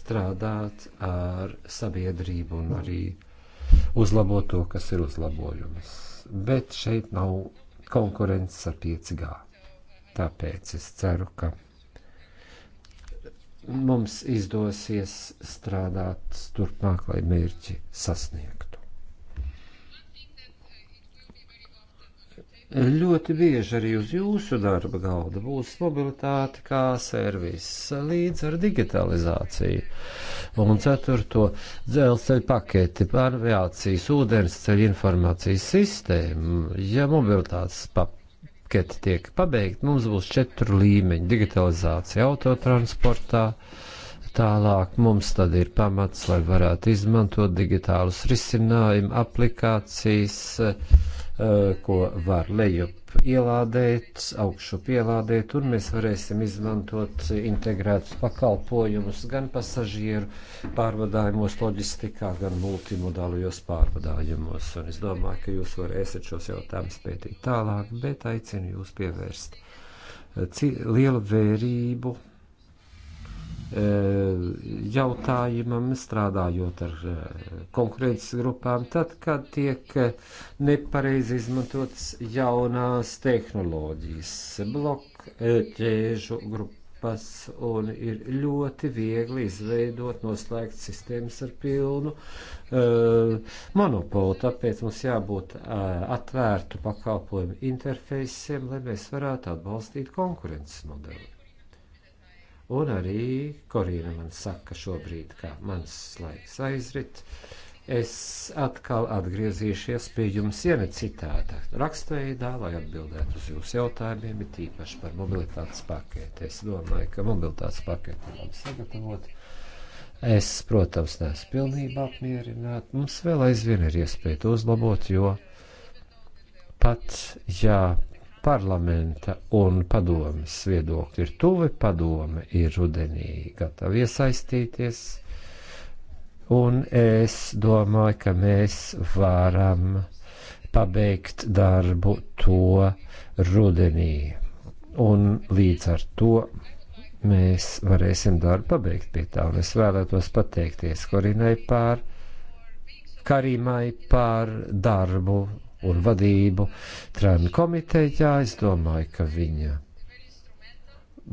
strādāt ar sabiedrību un arī uzlabot to, kas ir uzlabojums. Bet šeit nav konkurences ar 5G. Tāpēc es ceru, ka mums izdosies strādāt turpmāk, lai mērķi sasniegtu. Ļoti bieži arī uz jūsu darba galda būs mobilitāte kā servis līdz ar digitalizāciju. Un ceturto dzelzceļa paketi, aviācijas, ūdensceļa informācijas sistēmu, ja mobilitātes papildinājums paketi tiek pabeigti, mums būs četru līmeņu digitalizācija autotransportā. Tālāk mums tad ir pamats, lai varētu izmantot digitālus risinājumu, aplikācijas, eh, ko var lejup ielādēt, augšu pielādēt, un mēs varēsim izmantot integrētus pakalpojumus gan pasažieru pārvadājumos, loģistikā, gan multimodālajos pārvadājumos. Un es domāju, ka jūs varēsiet šos jautājumus pētīt tālāk, bet aicinu jūs pievērst eh, lielu vērību E, jautājumam, strādājot ar e, konkurences grupām, tad, kad tiek nepareizi izmantotas jaunās tehnoloģijas, blokķēžu e, grupas, un ir ļoti viegli izveidot, noslēgt sistēmas ar pilnu uh, monopolu. Tāpēc mums jābūt uh, atvērtu pakalpojumu interfeisiem, lai mēs varētu atbalstīt konkurences modeli. Un arī Korīna man saka šobrīd, ka mans laiks aizrit. Es atkal atgriezīšos pie jums, ja ne citāta rakstveidā, lai atbildētu uz jūsu jautājumiem, it īpaši par mobilitātes paketi. Es domāju, ka mobilitātes paketi ir labi sagatavota. Es, protams, neesmu pilnībā apmierināta. Mums vēl aizvien ir iespēja to uzlabot, jo pat, ja parlamenta un padomes viedokļi ir tuvi, padome ir rudenī gatava iesaistīties, un es domāju, ka mēs varam pabeigt darbu to rudenī, un līdz ar to mēs varēsim darbu pabeigt pie tā, un es vēlētos pateikties Korinai pār, Karimai pār darbu un vadību Trānu komitejā. Es domāju, ka viņa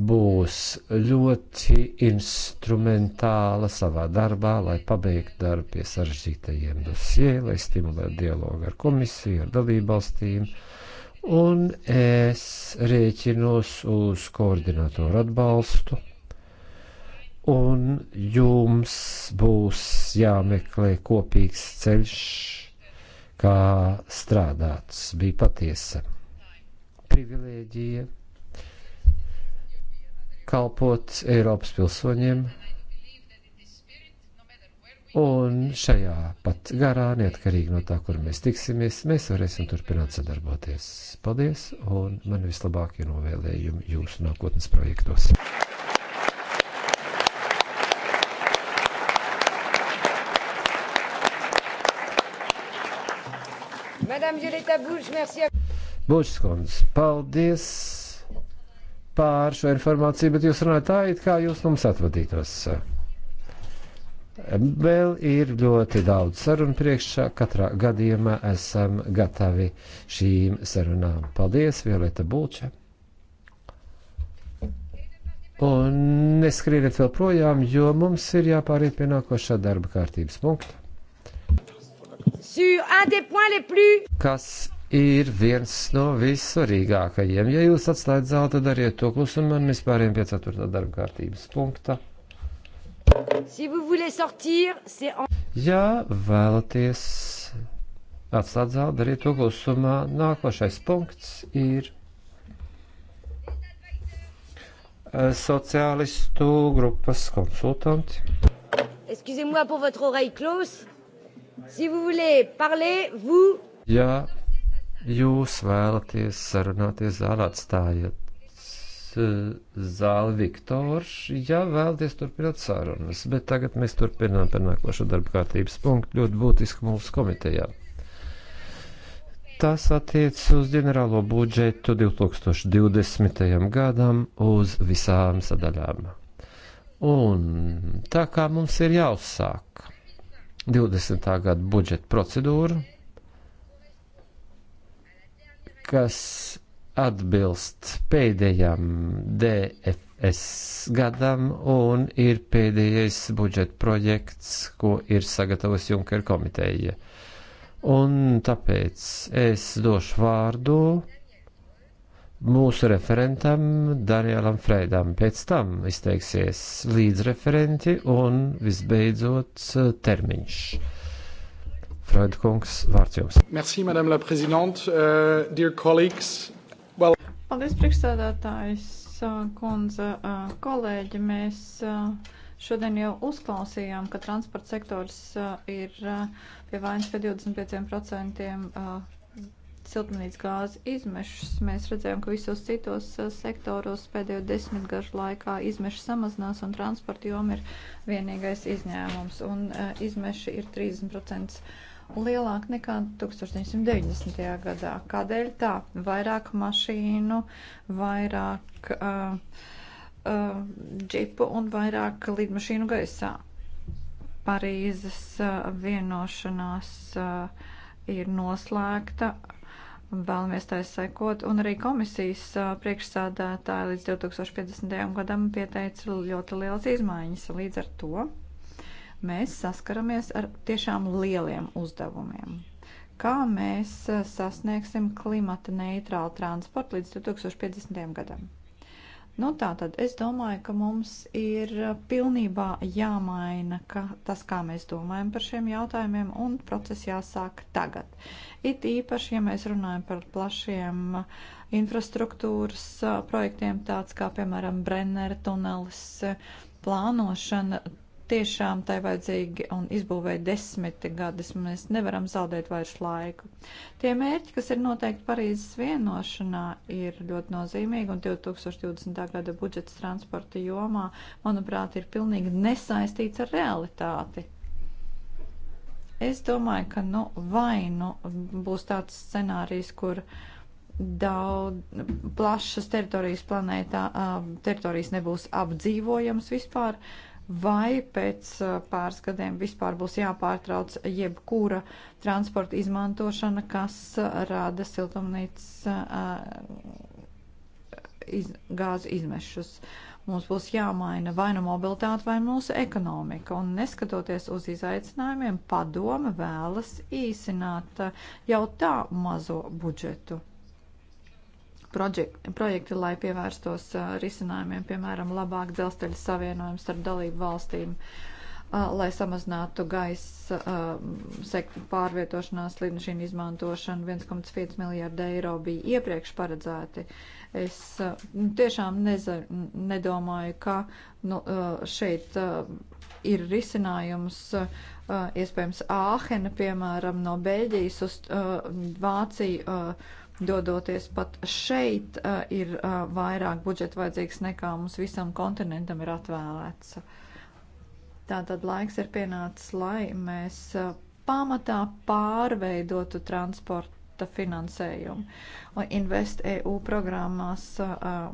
būs ļoti instrumentāla savā darbā, lai pabeigtu darbu pie sarežģītajiem dosie, lai stimulētu dialogu ar komisiju, ar dalībvalstīm. Un es rēķinos uz koordinatoru atbalstu un jums būs jāmeklē kopīgs ceļš kā strādāts, bija patiesa privilēģija kalpot Eiropas pilsoņiem. Un šajā pat garā, neatkarīgi no tā, kur mēs tiksimies, mēs varēsim turpināt sadarboties. Paldies, un man vislabākie novēlējumi jūsu nākotnes projektos. Bušskons, paldies pār šo informāciju, bet jūs runājat tā, it kā jūs mums atvadītos. Vēl ir ļoti daudz sarunu priekšā. Katrā gadījumā esam gatavi šīm sarunām. Paldies, Violeta Bulča! Un neskrieniet vēl projām, jo mums ir jāpāriet pie nākošā darba kārtības punkta kas ir viens no vissvarīgākajiem. Ja jūs atstājat zāli, tad dariet to klusumu un mēs pārējām pie 4. darba kārtības punkta. Si sortir, en... Ja vēlaties atstāt zāli, dariet to klusumā. Nākošais punkts ir eh, sociālistu grupas konsultanti. Excusez-moi pour votre oreille close. Si vous voulez parler, vous. Ja jūs vēlaties sarunāties zālē, atstājiet zāli Viktors, ja vēlaties turpināt sarunas, bet tagad mēs turpinām par nākošo darba kārtības punktu ļoti būtisku mūsu komitejā. Tas attiec uz ģenerālo budžetu 2020. gadam uz visām sadaļām. Un tā kā mums ir jāuzsāk 20. gada budžeta procedūru, kas atbilst pēdējam DFS gadam un ir pēdējais budžeta projekts, ko ir sagatavojis Junker komiteja. Un tāpēc es došu vārdu uh, mūsu referentam Danielam Freidam. Pēc tam izteiksies līdzreferenti un visbeidzot eh, termiņš. Freida kungs, vārds jums. Merci, madame la présidente, uh, dear colleagues. Well... Paldies, priekšstādātājs, eh, kundze, eh, kolēģi. Mēs uh, Šodien jau uzklausījām, ka transporta sektors uh, ir uh, pie vainas pie 25% uh, siltumnīcas gāzu izmešus, mēs redzējām, ka visos citos uh, sektoros pēdējo desmitgažu laikā izmeši samazinās un transporta joma ir vienīgais izņēmums. Un uh, izmeši ir 30% lielāk nekā 1990. gadā. Kādēļ tā? Vairāk mašīnu, vairāk uh, uh, džipu un vairāk lidmašīnu gaisā. Parīzes uh, vienošanās uh, ir noslēgta vēlamies tā sekot, un arī komisijas priekšsādātāja līdz 2050. gadam pieteica ļoti liels izmaiņas. Līdz ar to mēs saskaramies ar tiešām lieliem uzdevumiem. Kā mēs sasniegsim klimata neitrālu transportu līdz 2050. gadam? Nu, tā tad es domāju, ka mums ir eh, pilnībā jāmaina ka tas, kā mēs domājam par šiem jautājumiem, un process jāsāk tagad. It īpaši, ja mēs runājam par plašiem eh, infrastruktūras eh, projektiem, tāds kā, piemēram, Brenner tunelis, plānošana, tiešām tai vajadzīgi un izbūvēja desmit gadus. Mēs nevaram zaudēt vairs laiku. Tie mērķi, kas ir noteikti Parīzes vienošanā, ir ļoti nozīmīgi un 2020. gada budžets transporta jomā, manuprāt, ir pilnīgi nesaistīts ar realitāti. Es domāju, ka nu, vai nu būs tāds scenārijs, kur daudz plašas teritorijas planētā, teritorijas nebūs apdzīvojams vispār, uh, vai pēc pāris gadiem vispār būs jāpārtrauc jebkura transporta izmantošana, kas rada siltumnīcas iz, gāzu izmešus. Mums būs jāmaina vai nu no mobilitāte, vai mūsu ekonomika. Un neskatoties uz izaicinājumiem, padome vēlas īsināt jau tā mazo budžetu projekti, lai pievērstos risinājumiem, piemēram, labāk dzelzceļa savienojums starp dalību valstīm, lai samazinātu gaisa sektu pārvietošanās lidmašīnu izmantošanu. 1,5 miljārdi eiro bija iepriekš paredzēti. Es nu, tiešām neza, nedomāju, ka nu, šeit ir risinājums, iespējams, Āhena, piemēram, no Beļģijas uz Vāciju dodoties pat šeit, uh, ir uh, vairāk budžeta vajadzīgs nekā mums visam kontinentam ir atvēlēts. Tātad laiks ir pienācis, lai mēs uh, pamatā pārveidotu transportu sporta finansējumu. Un Invest EU programmās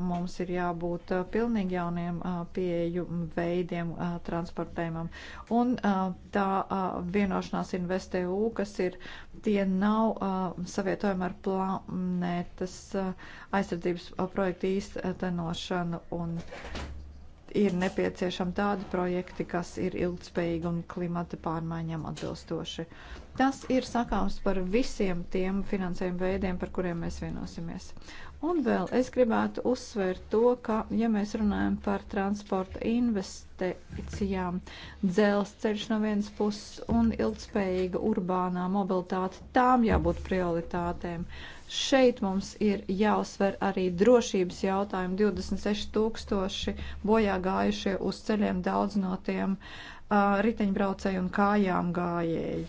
mums ir jābūt pilnīgi jauniem pieeju veidiem transportējumam. Un tā vienošanās Invest EU, kas ir, tie nav savietojumi ar planētas aizsardzības projektu īstenošanu un ir nepieciešami tādi projekti, kas ir ilgspējīgi un klimata pārmaiņām atbilstoši. Tas ir sakāms par visiem tiem finansējuma veidiem, par kuriem mēs vienosimies. Un vēl es gribētu uzsvērt to, ka, ja mēs runājam par transporta investīcijām, dzelzceļš no vienas puses un ilgspējīga urbānā mobilitāte, tām jābūt prioritātēm. Šeit mums ir jāuzsver arī drošības jautājumi. 26 tūkstoši bojā gājušie uz ceļiem, daudz no tiem uh, riteņbraucēji un kājām gājēji.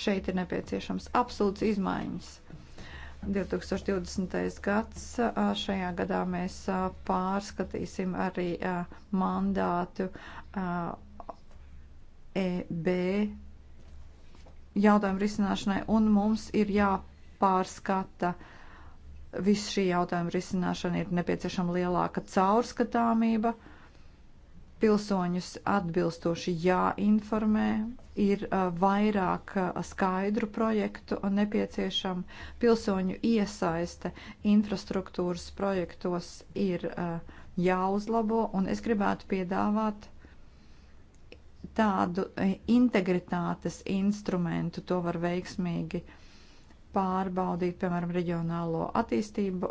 Šeit ir nepieciešams absolūts izmaiņas 2020. gads. Šajā gadā mēs pārskatīsim arī mandātu EB jautājumu risināšanai, un mums ir jāpārskata viss šī jautājuma risināšana, ir nepieciešama lielāka caurskatāmība pilsoņus atbilstoši jāinformē, ir uh, vairāk uh, skaidru projektu nepieciešama, pilsoņu iesaiste infrastruktūras projektos ir uh, jāuzlabo, un es gribētu piedāvāt tādu integritātes instrumentu, to var veiksmīgi pārbaudīt, piemēram, reģionālo attīstību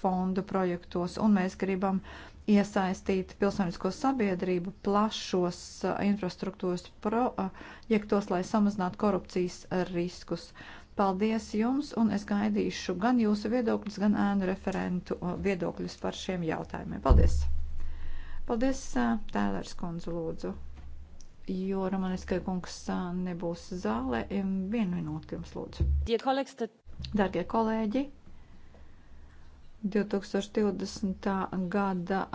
fondu projektos, un mēs gribam uh, iesaistīt pilsonisko sabiedrību plašos uh, infrastruktūras projektos, lai samazinātu korupcijas riskus. Paldies jums, un es gaidīšu gan jūsu viedokļus, gan ēnu referentu uh, viedokļus par šiem jautājumiem. Paldies! Paldies, uh, Tēlers kundze, lūdzu. Jo Romaniskai kungs nebūs zālē, vienu minūti jums lūdzu. Dārgie kolēģi! 2020. gada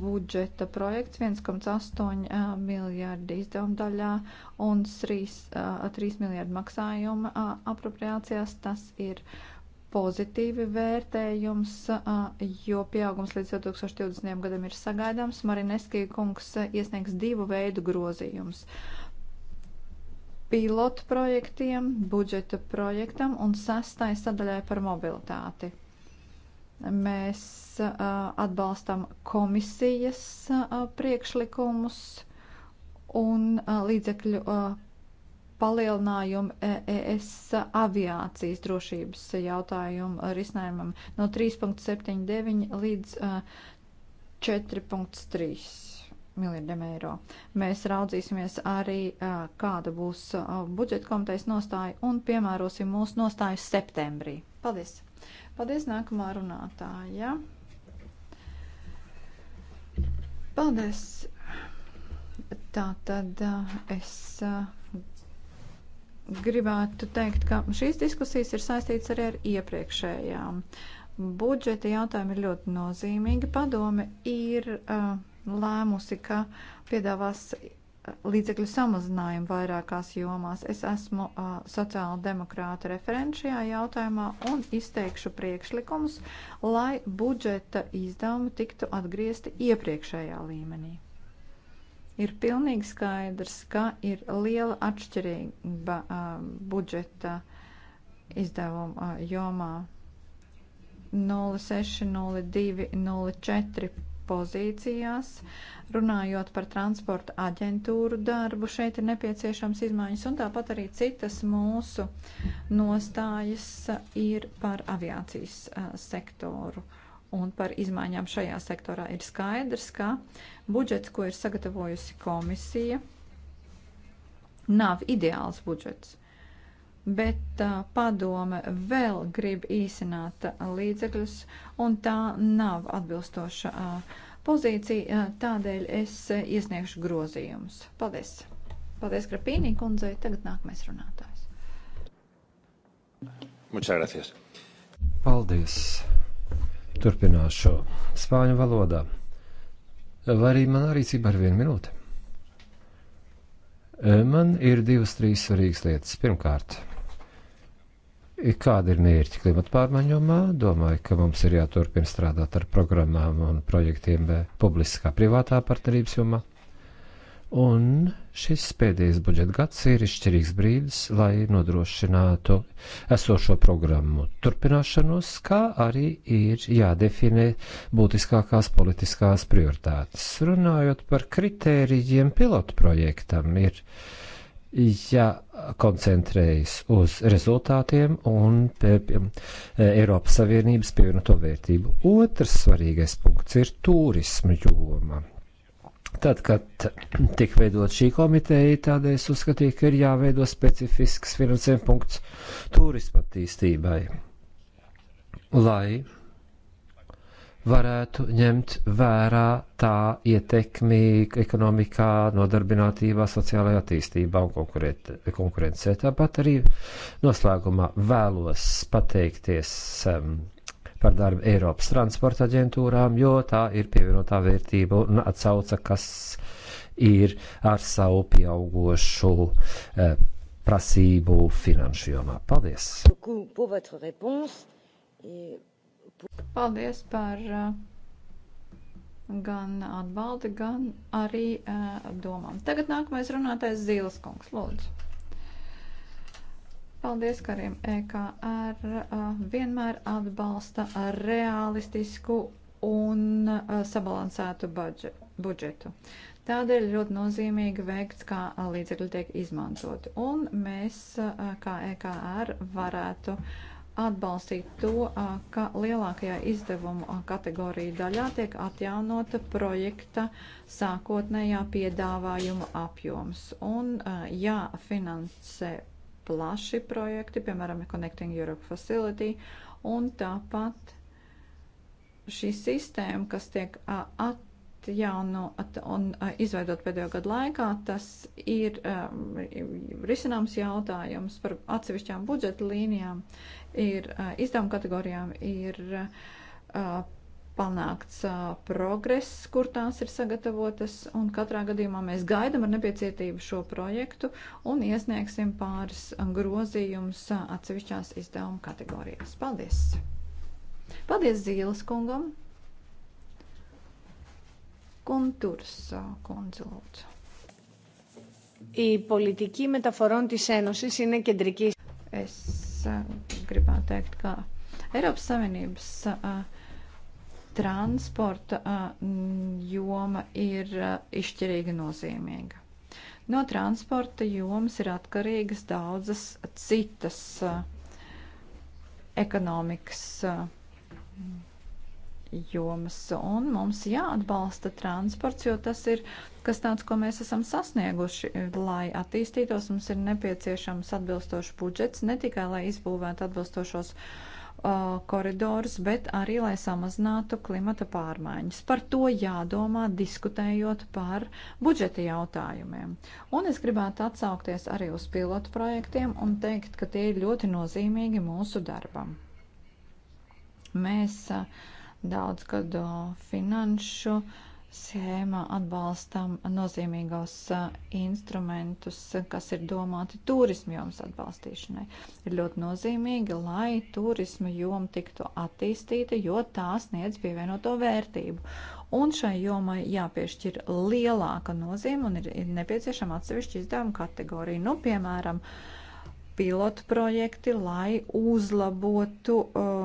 budžeta projekts 1,8 miljārdi izdevuma daļā un 3, 3 miljārdi maksājuma apropriācijās. Tas ir pozitīvi vērtējums, jo pieaugums līdz 2020. gadam ir sagaidāms. Marineski kungs iesniegs divu veidu grozījums. Pilotu projektiem, budžeta projektam un sastai sadaļai par mobilitāti. Mēs atbalstam komisijas priekšlikumus un līdzekļu palielinājumu ES aviācijas drošības jautājumu risinājumam no 3.79 līdz 4.3 miljardiem eiro. Mēs raudzīsimies arī, kāda būs budžeta komitejas nostāja un piemērosim mūsu nostāju septembrī. Paldies! Paldies, nākamā runātāja. Paldies. Tā tad eh, es eh, gribētu teikt, ka šīs diskusijas ir saistītas arī ar iepriekšējām. Budžeta jautājumi ir ļoti nozīmīgi. Padome ir uh, lēmusi, ka piedāvās līdzekļu samazinājumu vairākās jomās. Es esmu uh, sociāla demokrāta referents šajā jautājumā un izteikšu priekšlikumus, lai budžeta izdevumi tiktu atgriezti iepriekšējā līmenī. Ir pilnīgi skaidrs, ka ir liela atšķirība uh, budžeta izdevumu uh, jomā 06, 02, 04 pozīcijās. Runājot par transporta aģentūru darbu, šeit ir nepieciešams izmaiņas, un tāpat arī citas mūsu nostājas ir par aviācijas sektoru. Un par izmaiņām šajā sektorā ir skaidrs, ka budžets, ko ir sagatavojusi komisija, nav ideāls budžets. Uh, bet uh, padome vēl grib īsināt uh, līdzekļus, un tā nav atbilstoša uh, pozīcija, uh, tādēļ es uh, iesniegšu grozījumus. Paldies! Paldies, Grapīnī kundzei. Tagad nākamais runātājs. Muchas gracias. Paldies. Turpināšu spāņu valodā. Vai arī man arī cība ar vienu minūti? Man ir divas, trīs svarīgas lietas. Pirmkārt, Kāda ir mērķi klimata pārmaiņu jomā? Domāju, ka mums ir jāturpina strādāt ar programmām un projektiem eh, publiskā privātā partnerības jomā. Un šis pēdējais budžeta gads ir izšķirīgs brīdis, lai nodrošinātu esošo programmu turpināšanos, kā arī ir jādefinē būtiskākās politiskās prioritātes. Runājot par kritērijiem pilotu projektam, ir jākoncentrējas uz rezultātiem un pie, pie, e, Eiropas Savienības pievienoto vērtību. Otrs svarīgais punkts ir turisma joma. Tad, kad tika veidot šī komiteja, tādēļ es uzskatīju, ka ir jāveido specifisks finansējuma punkts turisma attīstībai, lai varētu ņemt vērā tā ietekmi ekonomikā, nodarbinātībā, sociālajā attīstībā un konkurencē. Tāpat arī noslēgumā vēlos pateikties um, par darbu Eiropas transporta aģentūrām, jo tā ir pievienotā vērtība un atsauca, kas ir ar savu pieaugošu uh, eh, prasību finanšu jomā. Paldies! Beaucoup pour votre réponse. Et... Paldies par uh, gan atbaldi, gan arī uh, domām. Tagad nākamais runātais Zīles kungs, lūdzu. Paldies, Karim EKR er, uh, vienmēr atbalsta realistisku un sabalansētu budžetu. Tādēļ ļoti nozīmīgi veikts, kā līdzekļi tiek izmantoti. Un mēs, kā EKR, er varētu uh, atbalstīt to, ka lielākajā izdevumu kategorija daļā tiek atjaunota projekta sākotnējā piedāvājuma apjoms un jāfinansē plaši projekti, piemēram, Connecting Europe Facility, un tāpat šī sistēma, kas tiek at veikt jaunu un izveidot pēdējo gadu laikā, tas ir risināms jautājums par atsevišķām budžeta līnijām, ir izdevuma kategorijām, ir panākts progress, kur tās ir sagatavotas, un katrā gadījumā mēs gaidam ar nepacietību šo projektu un iesniegsim pāris grozījumus atsevišķās izdevuma kategorijās. Paldies! Paldies Zīles kungam! Kunturs kundze lūdzu. Η πολιτική μεταφορών της Ένωσης είναι κεντρική. Es gribētu teikt, ka Eiropas Savienības transporta joma ir izšķirīga nozīmīga. No transporta jomas ir atkarīgas daudzas citas ekonomikas jomas. Un mums jāatbalsta transports, jo tas ir kas tāds, ko mēs esam sasnieguši. Lai attīstītos, mums ir nepieciešams atbilstošs budžets, ne tikai lai izbūvētu atbilstošos uh, koridorus, bet arī, lai samazinātu klimata pārmaiņas. Par to jādomā, diskutējot par budžeta jautājumiem. Un es gribētu atsaukties arī uz pilotu projektiem un teikt, ka tie ir ļoti nozīmīgi mūsu darbam. Mēs uh, daudzgadu finanšu schēmā atbalstam nozīmīgos instrumentus, kas ir domāti turismu jomas atbalstīšanai. Ir ļoti nozīmīgi, lai turisma joma tiktu attīstīta, jo tā sniedz pievienoto vērtību. Un šai jomai jāpiešķir lielāka nozīme un ir, ir nepieciešama atsevišķa izdevuma kategorija. Nu, piemēram, uh, pilotprojekti, lai uzlabotu uh,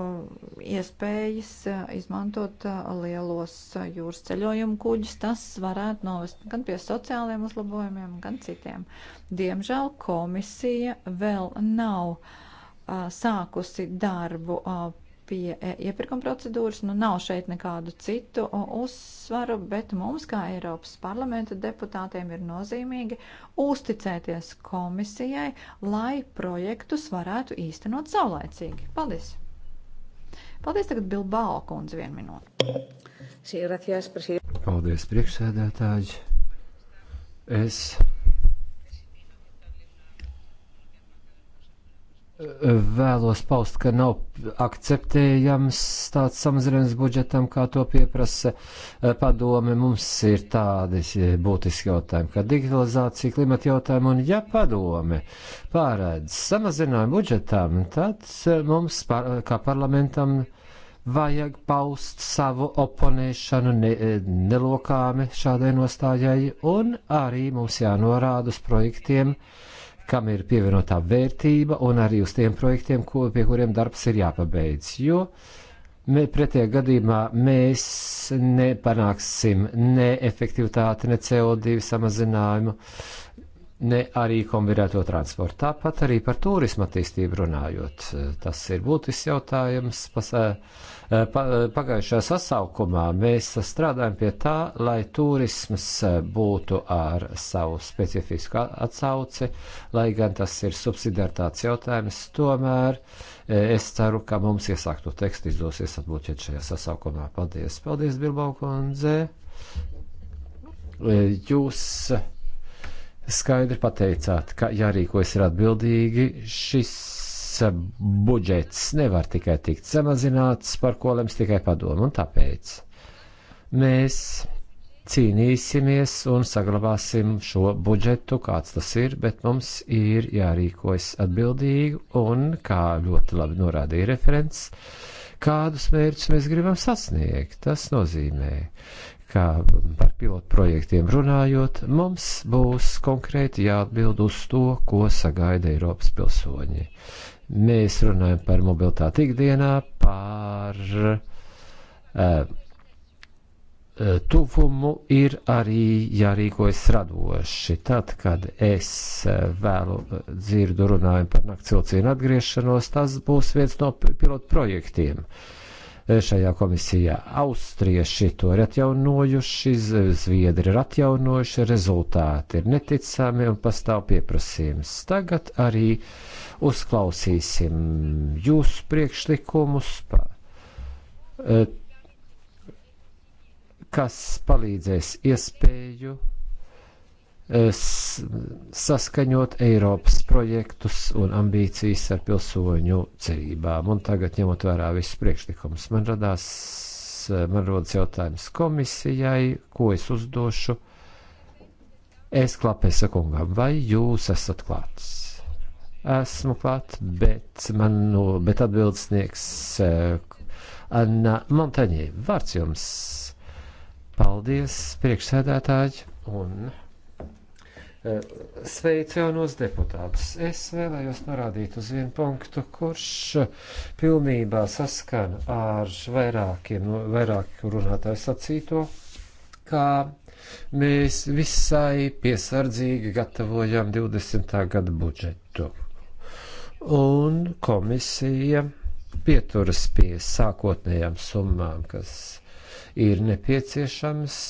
iespējas uh, izmantot uh, lielos uh, jūras ceļojumu kuģus. Tas varētu novest gan pie sociāliem uzlabojumiem, gan citiem. Diemžēl komisija vēl nav uh, sākusi darbu uh, pie e, iepirkuma procedūras. Nu, nav šeit nekādu citu uzsvaru, bet mums, kā Eiropas parlamenta deputātiem, ir nozīmīgi uzticēties komisijai, lai projektus varētu īstenot saulēcīgi. Paldies! Paldies tagad Bilbao kundze vienu minūti. Paldies, priekšsēdētāji! Es vēlos paust, ka nav akceptējams tāds samazinājums budžetam, kā to pieprasa e, padome. Mums ir tādi e, būtiski jautājumi, kā digitalizācija, klimata jautājumi, un ja padome pārēdz samazinājumu budžetam, tad e, mums par, kā parlamentam vajag paust savu oponēšanu ne, nelokāmi šādai nostājai, un arī mums jānorāda uz projektiem, uh, kam ir pievienotā vērtība, un arī uz tiem projektiem, ko, pie kuriem darbs ir jāpabeidz. Jo mē, pretējā gadījumā mēs nepanāksim ne efektivitāti, ne CO2 samazinājumu, ne arī kombinēto transportu. Tāpat arī par turismu attīstību runājot. Tas ir būtisks jautājums. Pas, eh, eh, pa, eh, pagājušā sasaukumā mēs strādājam pie tā, lai turisms būtu ar savu specifisku atsauci, lai gan tas ir subsidiartāts jautājums. Tomēr es ceru, ka mums iesākto tekstu izdosies atbloķēt šajā sasaukumā. Paldies! Paldies, Bilbao kundze! Jūs skaidri pateicāt, ka jārīkojas ir atbildīgi. Šis eh, budžets nevar tikai tikt samazināts, par ko lems tikai padomu, un tāpēc mēs cīnīsimies un saglabāsim šo budžetu, kāds tas ir, bet mums ir jārīkojas atbildīgi un, kā ļoti labi norādīja referents, kādus mērķus mēs gribam sasniegt. Tas nozīmē, ka par pilotu projektiem runājot, mums būs konkrēti jāatbild uz to, ko sagaida Eiropas pilsoņi. Mēs runājam par mobilitāti ikdienā, par uh, tuvumu ir arī jārīkojas radoši. Tad, kad es eh, vēlu dzirdu runājumu par nakts vilcienu atgriešanos, tas būs viens no pilotu projektiem. Uh, E, šajā komisijā. Austrieši to ir atjaunojuši, zviedri ir atjaunojuši, rezultāti ir neticami un pastāv pieprasījums. Tagad arī uzklausīsim jūsu priekšlikumus, e, kas palīdzēs iespēju Eh, saskaņot Eiropas projektus un ambīcijas ar pilsoņu cerībām. Un tagad, ņemot vērā visus priekšlikumus, man radās, eh, man rodas jautājums komisijai, ko es uzdošu. Es klapēju sakungam, vai jūs esat klāts? Esmu klāt, bet man, nu, bet atbildsnieks eh, Anna Montaņē, vārds jums. Paldies, priekšsēdētāji, un Eh, sveicu jaunos deputātus. Es vēlējos norādīt uz vienu punktu, kurš pilnībā saskana ar vairākiem, no, vairāku runātāju sacīto, kā mēs visai piesardzīgi gatavojam 20. gada budžetu. Un komisija pieturas pie sākotnējām summām, kas ir nepieciešams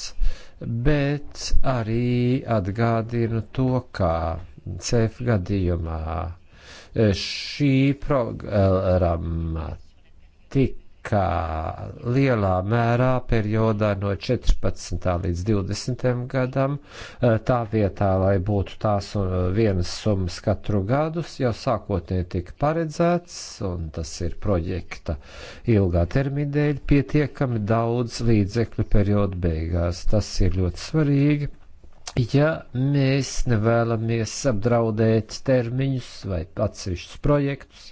bet arī atgādinu to, kā CEF gadījumā eh, šī programma tik ka lielā mērā periodā no 14. līdz 20. gadam e, tā vietā, lai būtu tās e, vienas summas katru gadus, jau sākotnēji tika paredzēts, un tas ir projekta ilgā termiņa dēļ, pietiekami daudz līdzekļu periodu beigās. Tas ir ļoti svarīgi. Ja mēs nevēlamies apdraudēt termiņus vai atsevišķus projektus,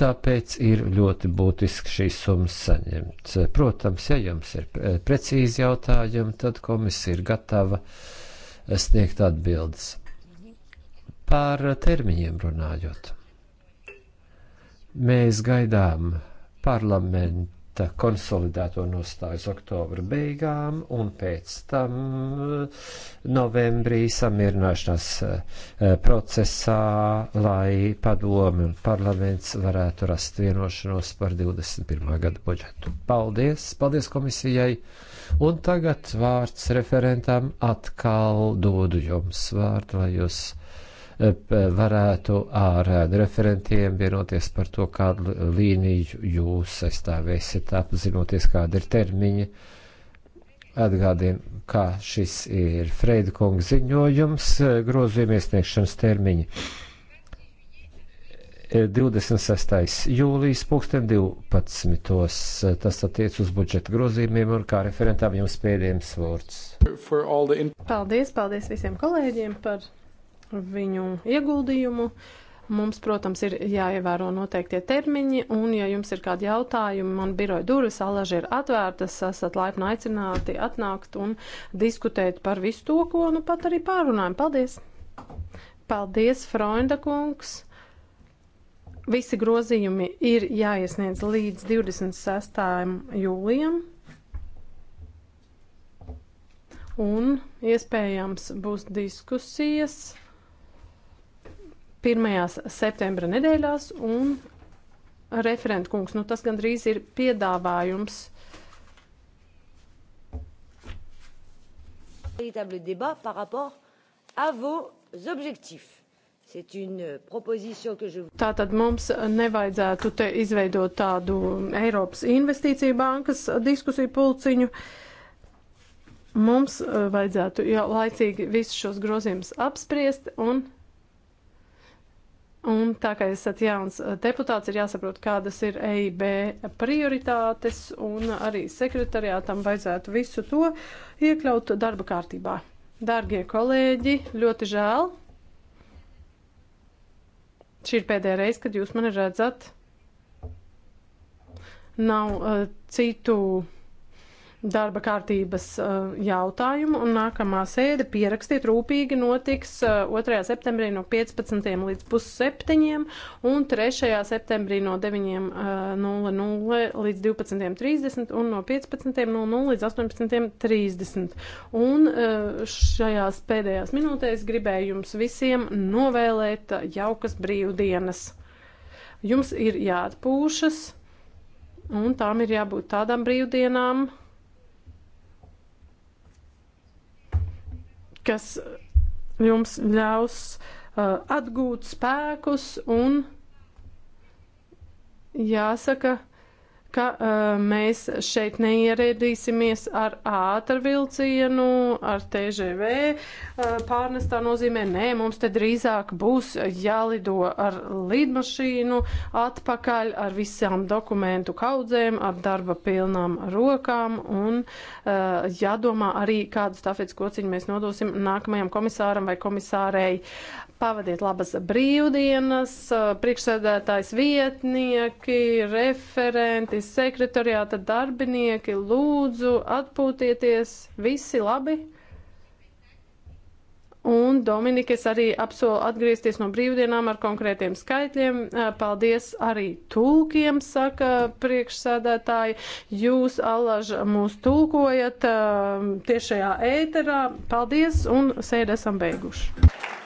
Tāpēc ir ļoti būtiski šīs summas saņemt. Protams, ja jums ir eh, precīzi jautājumi, tad komisija ir gatava sniegt atbildes. Par termiņiem runājot. Mēs gaidām parlamentu tā konsolidēto nostājas oktobra beigām, un pēc tam eh, novembrī samierināšanās eh, procesā, lai padomi un parlaments varētu rast vienošanos par 21. gada budžetu. Paldies! Paldies komisijai! Un tagad vārds referentam atkal dodu jums vārdu, lai jūs varētu ar referentiem vienoties par to, kādu līniju jūs aizstāvēsiet, apzinoties, kāda ir termiņa. Atgādinu, kā šis ir Freida kunga ziņojums, e, grozījuma iesniegšanas termiņi. E, 26. jūlijas pulksten 12. E, tas attiec uz budžeta grozījumiem un kā referentām jums pēdējiem svords. Paldies, paldies visiem kolēģiem par viņu ieguldījumu. Mums, protams, ir jāievēro noteiktie termiņi, un, ja jums ir kādi jautājumi, man biroja durvis alaži ir atvērtas, esat laipni aicināti atnākt un diskutēt par visu to, ko nu pat arī pārunājam. Paldies! Paldies, Freunda kungs! Visi grozījumi ir jāiesniedz līdz 26. jūlijam. Un iespējams būs diskusijas pirmajās septembra nedēļās, un referenta kungs, nu tas gandrīz ir piedāvājums. véritable débat par rapport à vos objectifs. C'est une proposition que je vous. Tātad mums nevajadzētu te izveidot tādu Eiropas investīciju bankas diskusiju pulciņu. Mums eh, vajadzētu jau laicīgi visus šos grozījumus apspriest un Un tā kā esat jauns eh, deputāts, ir jāsaprot, kādas ir EIB prioritātes, un arī sekretariātam vajadzētu visu to iekļaut darba kārtībā. Dārgie kolēģi, ļoti žēl. Šī ir pēdējā reize, kad jūs mani redzat. Nav uh, citu darba kārtības uh, jautājumu, un nākamā sēde pierakstīt rūpīgi notiks uh, eh, 2. septembrī no 15. līdz pusseptiņiem, un 3. septembrī no 9.00 eh, līdz 12.30 un no 15.00 līdz 18.30. Un uh, šajās pēdējās minūtēs gribēju jums visiem novēlēt jaukas brīvdienas. Jums ir jāatpūšas. Un tām ir jābūt tādām brīvdienām, kas jums ļaus uh, atgūt spēkus un jāsaka, ka uh, mēs šeit neieradīsimies ar ātrvilcienu, ar TGV uh, pārnestā nozīmē. Nē, mums te drīzāk būs jālido ar lidmašīnu atpakaļ ar visām dokumentu kaudzēm, ar darba pilnām rokām un uh, jādomā arī, kādu stafets kociņu mēs nodosim nākamajam komisāram vai komisārei. Uh, Pavadiet labas brīvdienas, eh, priekšsēdētājs vietnieki, referenti, sekretariāta darbinieki, lūdzu atpūtieties, visi labi. Un Dominikas arī apsola atgriezties no brīvdienām ar konkrētiem skaitļiem. Eh, paldies arī tulkiem, saka priekšsēdētāji. Jūs, Allaž, mūs tulkojat eh, tiešajā ēterā. Paldies un sēdi esam beiguši.